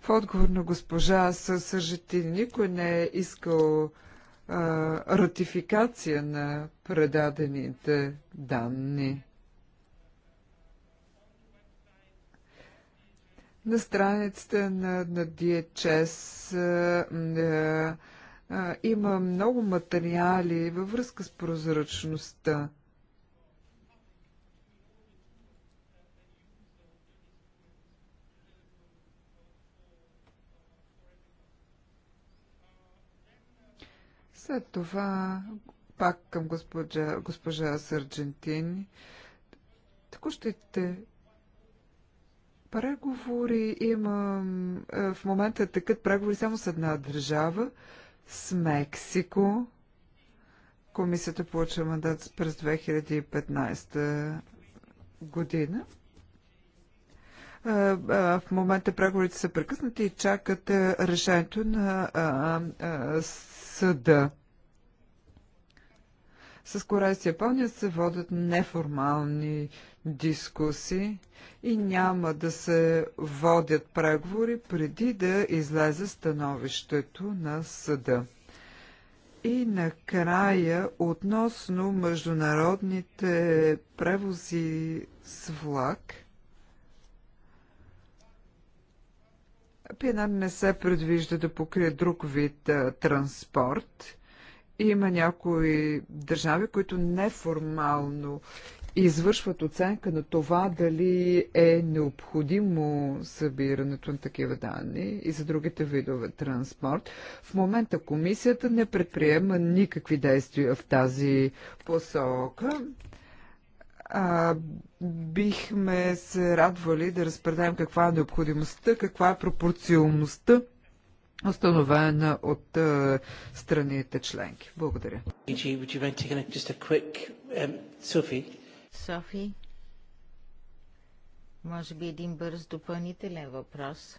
В отговор на госпожа Съжети никой не е искал ратификация на предадените данни. На страницата на, на DHS а, а, има много материали във връзка с прозрачността. След това пак към госпожа, госпожа Сърджентин. те преговори имам... Е, в момента такът преговори само с една държава, с Мексико. Комисията получи мандат през 2015 година. В момента преговорите са прекъснати и чакат решението на съда. С Корея и Япония се водят неформални дискусии и няма да се водят преговори преди да излезе становището на съда. И накрая, относно международните превози с влак – ПИНАР не се предвижда да покрие друг вид а, транспорт. Има някои държави, които неформално извършват оценка на това дали е необходимо събирането на такива данни и за другите видове транспорт. В момента комисията не предприема никакви действия в тази посока а, бихме се радвали да разпредаем каква е необходимостта, каква е пропорционалността, установена от а, страните членки. Благодаря. Um, Софи, може би един бърз допълнителен въпрос.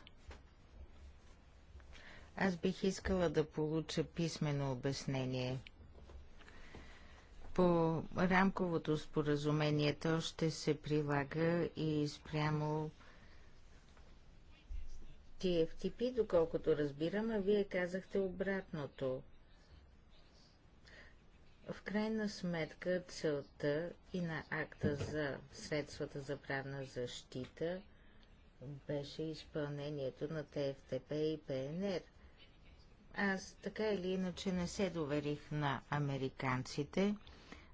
Аз бих искала да получа писмено обяснение – по рамковото споразумение то ще се прилага и спрямо TFTP, доколкото разбирам, а вие казахте обратното. В крайна сметка целта и на акта за средствата за правна защита беше изпълнението на ТФТП и ПНР. Аз така или иначе не се доверих на американците –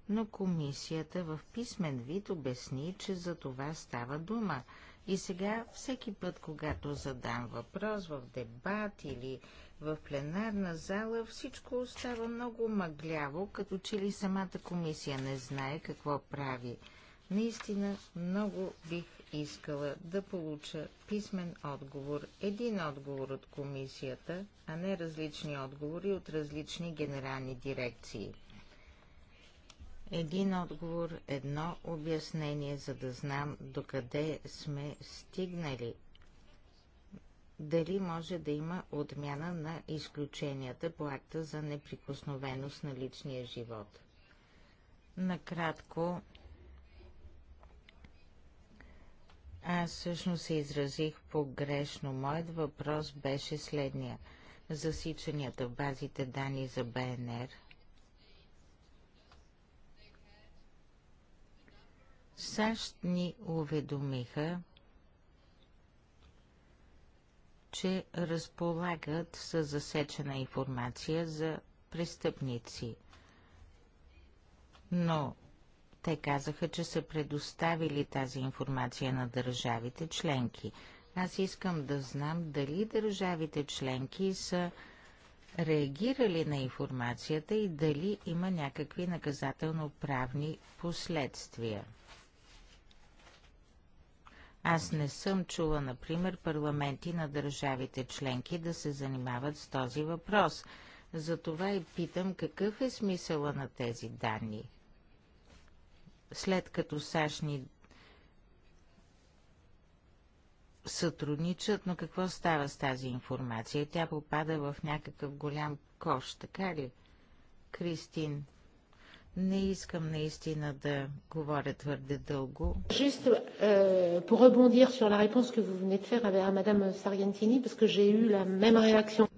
но комисията в писмен вид обясни, че за това става дума. И сега всеки път, когато задам въпрос в дебат или в пленарна зала, всичко остава много мъгляво, като че ли самата комисия не знае какво прави. Наистина много бих искала да получа писмен отговор, един отговор от комисията, а не различни отговори от различни генерални дирекции. Един отговор, едно обяснение, за да знам докъде сме стигнали. Дали може да има отмяна на изключенията по акта за неприкосновеност на личния живот? Накратко, аз всъщност се изразих погрешно. Моят въпрос беше следния. Засичанията в базите данни за БНР – САЩ ни уведомиха, че разполагат с засечена информация за престъпници. Но те казаха, че са предоставили тази информация на държавите членки. Аз искам да знам дали държавите членки са реагирали на информацията и дали има някакви наказателно-правни последствия. Аз не съм чула, например, парламенти на държавите членки да се занимават с този въпрос. Затова и питам какъв е смисъла на тези данни. След като САЩ ни сътрудничат, но какво става с тази информация? Тя попада в някакъв голям кош, така ли? Кристин. Не искам наистина да говоря твърде дълго. Juste euh, pour rebondir sur la réponse que vous venez de faire à madame Sargentini, parce que j'ai eu la même réaction.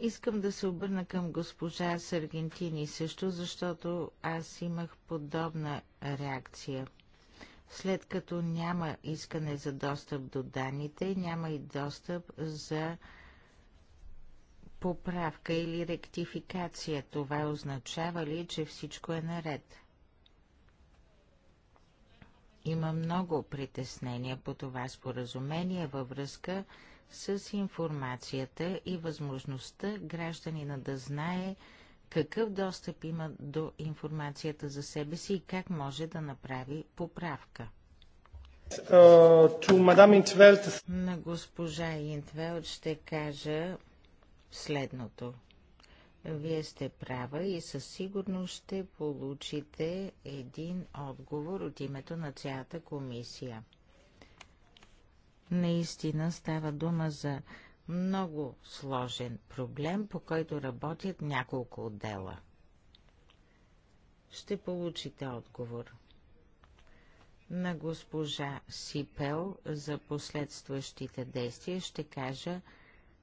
Искам да се обърна към госпожа Саргентини също, защото аз имах подобна реакция. След като няма искане за достъп до данните, няма и достъп за поправка или ректификация, това означава ли, че всичко е наред? Има много притеснения по това споразумение във връзка с информацията и възможността гражданина да знае какъв достъп има до информацията за себе си и как може да направи поправка. Uh, На госпожа Интвелт ще кажа, следното. Вие сте права и със сигурност ще получите един отговор от името на цялата комисия. Наистина става дума за много сложен проблем, по който работят няколко отдела. Ще получите отговор на госпожа Сипел за последстващите действия ще кажа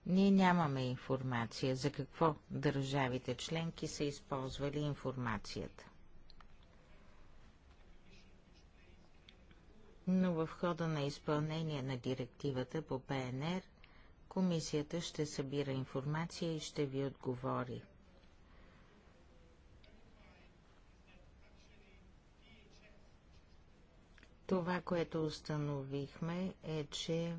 ние нямаме информация за какво държавите членки са използвали информацията. Но в хода на изпълнение на директивата по ПНР, комисията ще събира информация и ще ви отговори. Това, което установихме е, че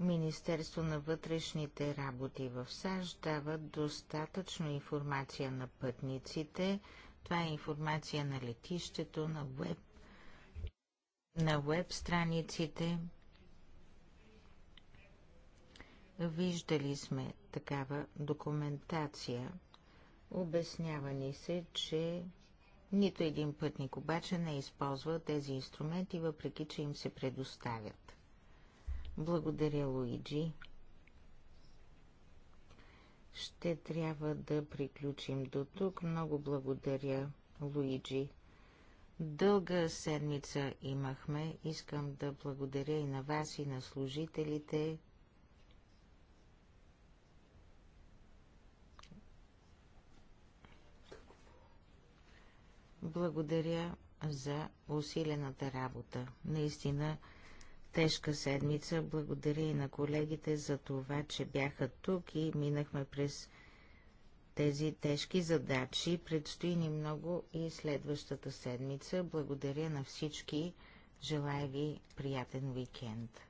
Министерство на вътрешните работи в САЩ дава достатъчно информация на пътниците. Това е информация на летището, на веб, на веб страниците. Виждали сме такава документация. Обяснява ни се, че нито един пътник обаче не използва тези инструменти, въпреки че им се предоставят. Благодаря, Луиджи. Ще трябва да приключим до тук. Много благодаря, Луиджи. Дълга седмица имахме. Искам да благодаря и на вас, и на служителите. Благодаря за усилената работа. Наистина, тежка седмица. Благодаря и на колегите за това, че бяха тук и минахме през тези тежки задачи. Предстои ни много и следващата седмица. Благодаря на всички. Желая ви приятен уикенд.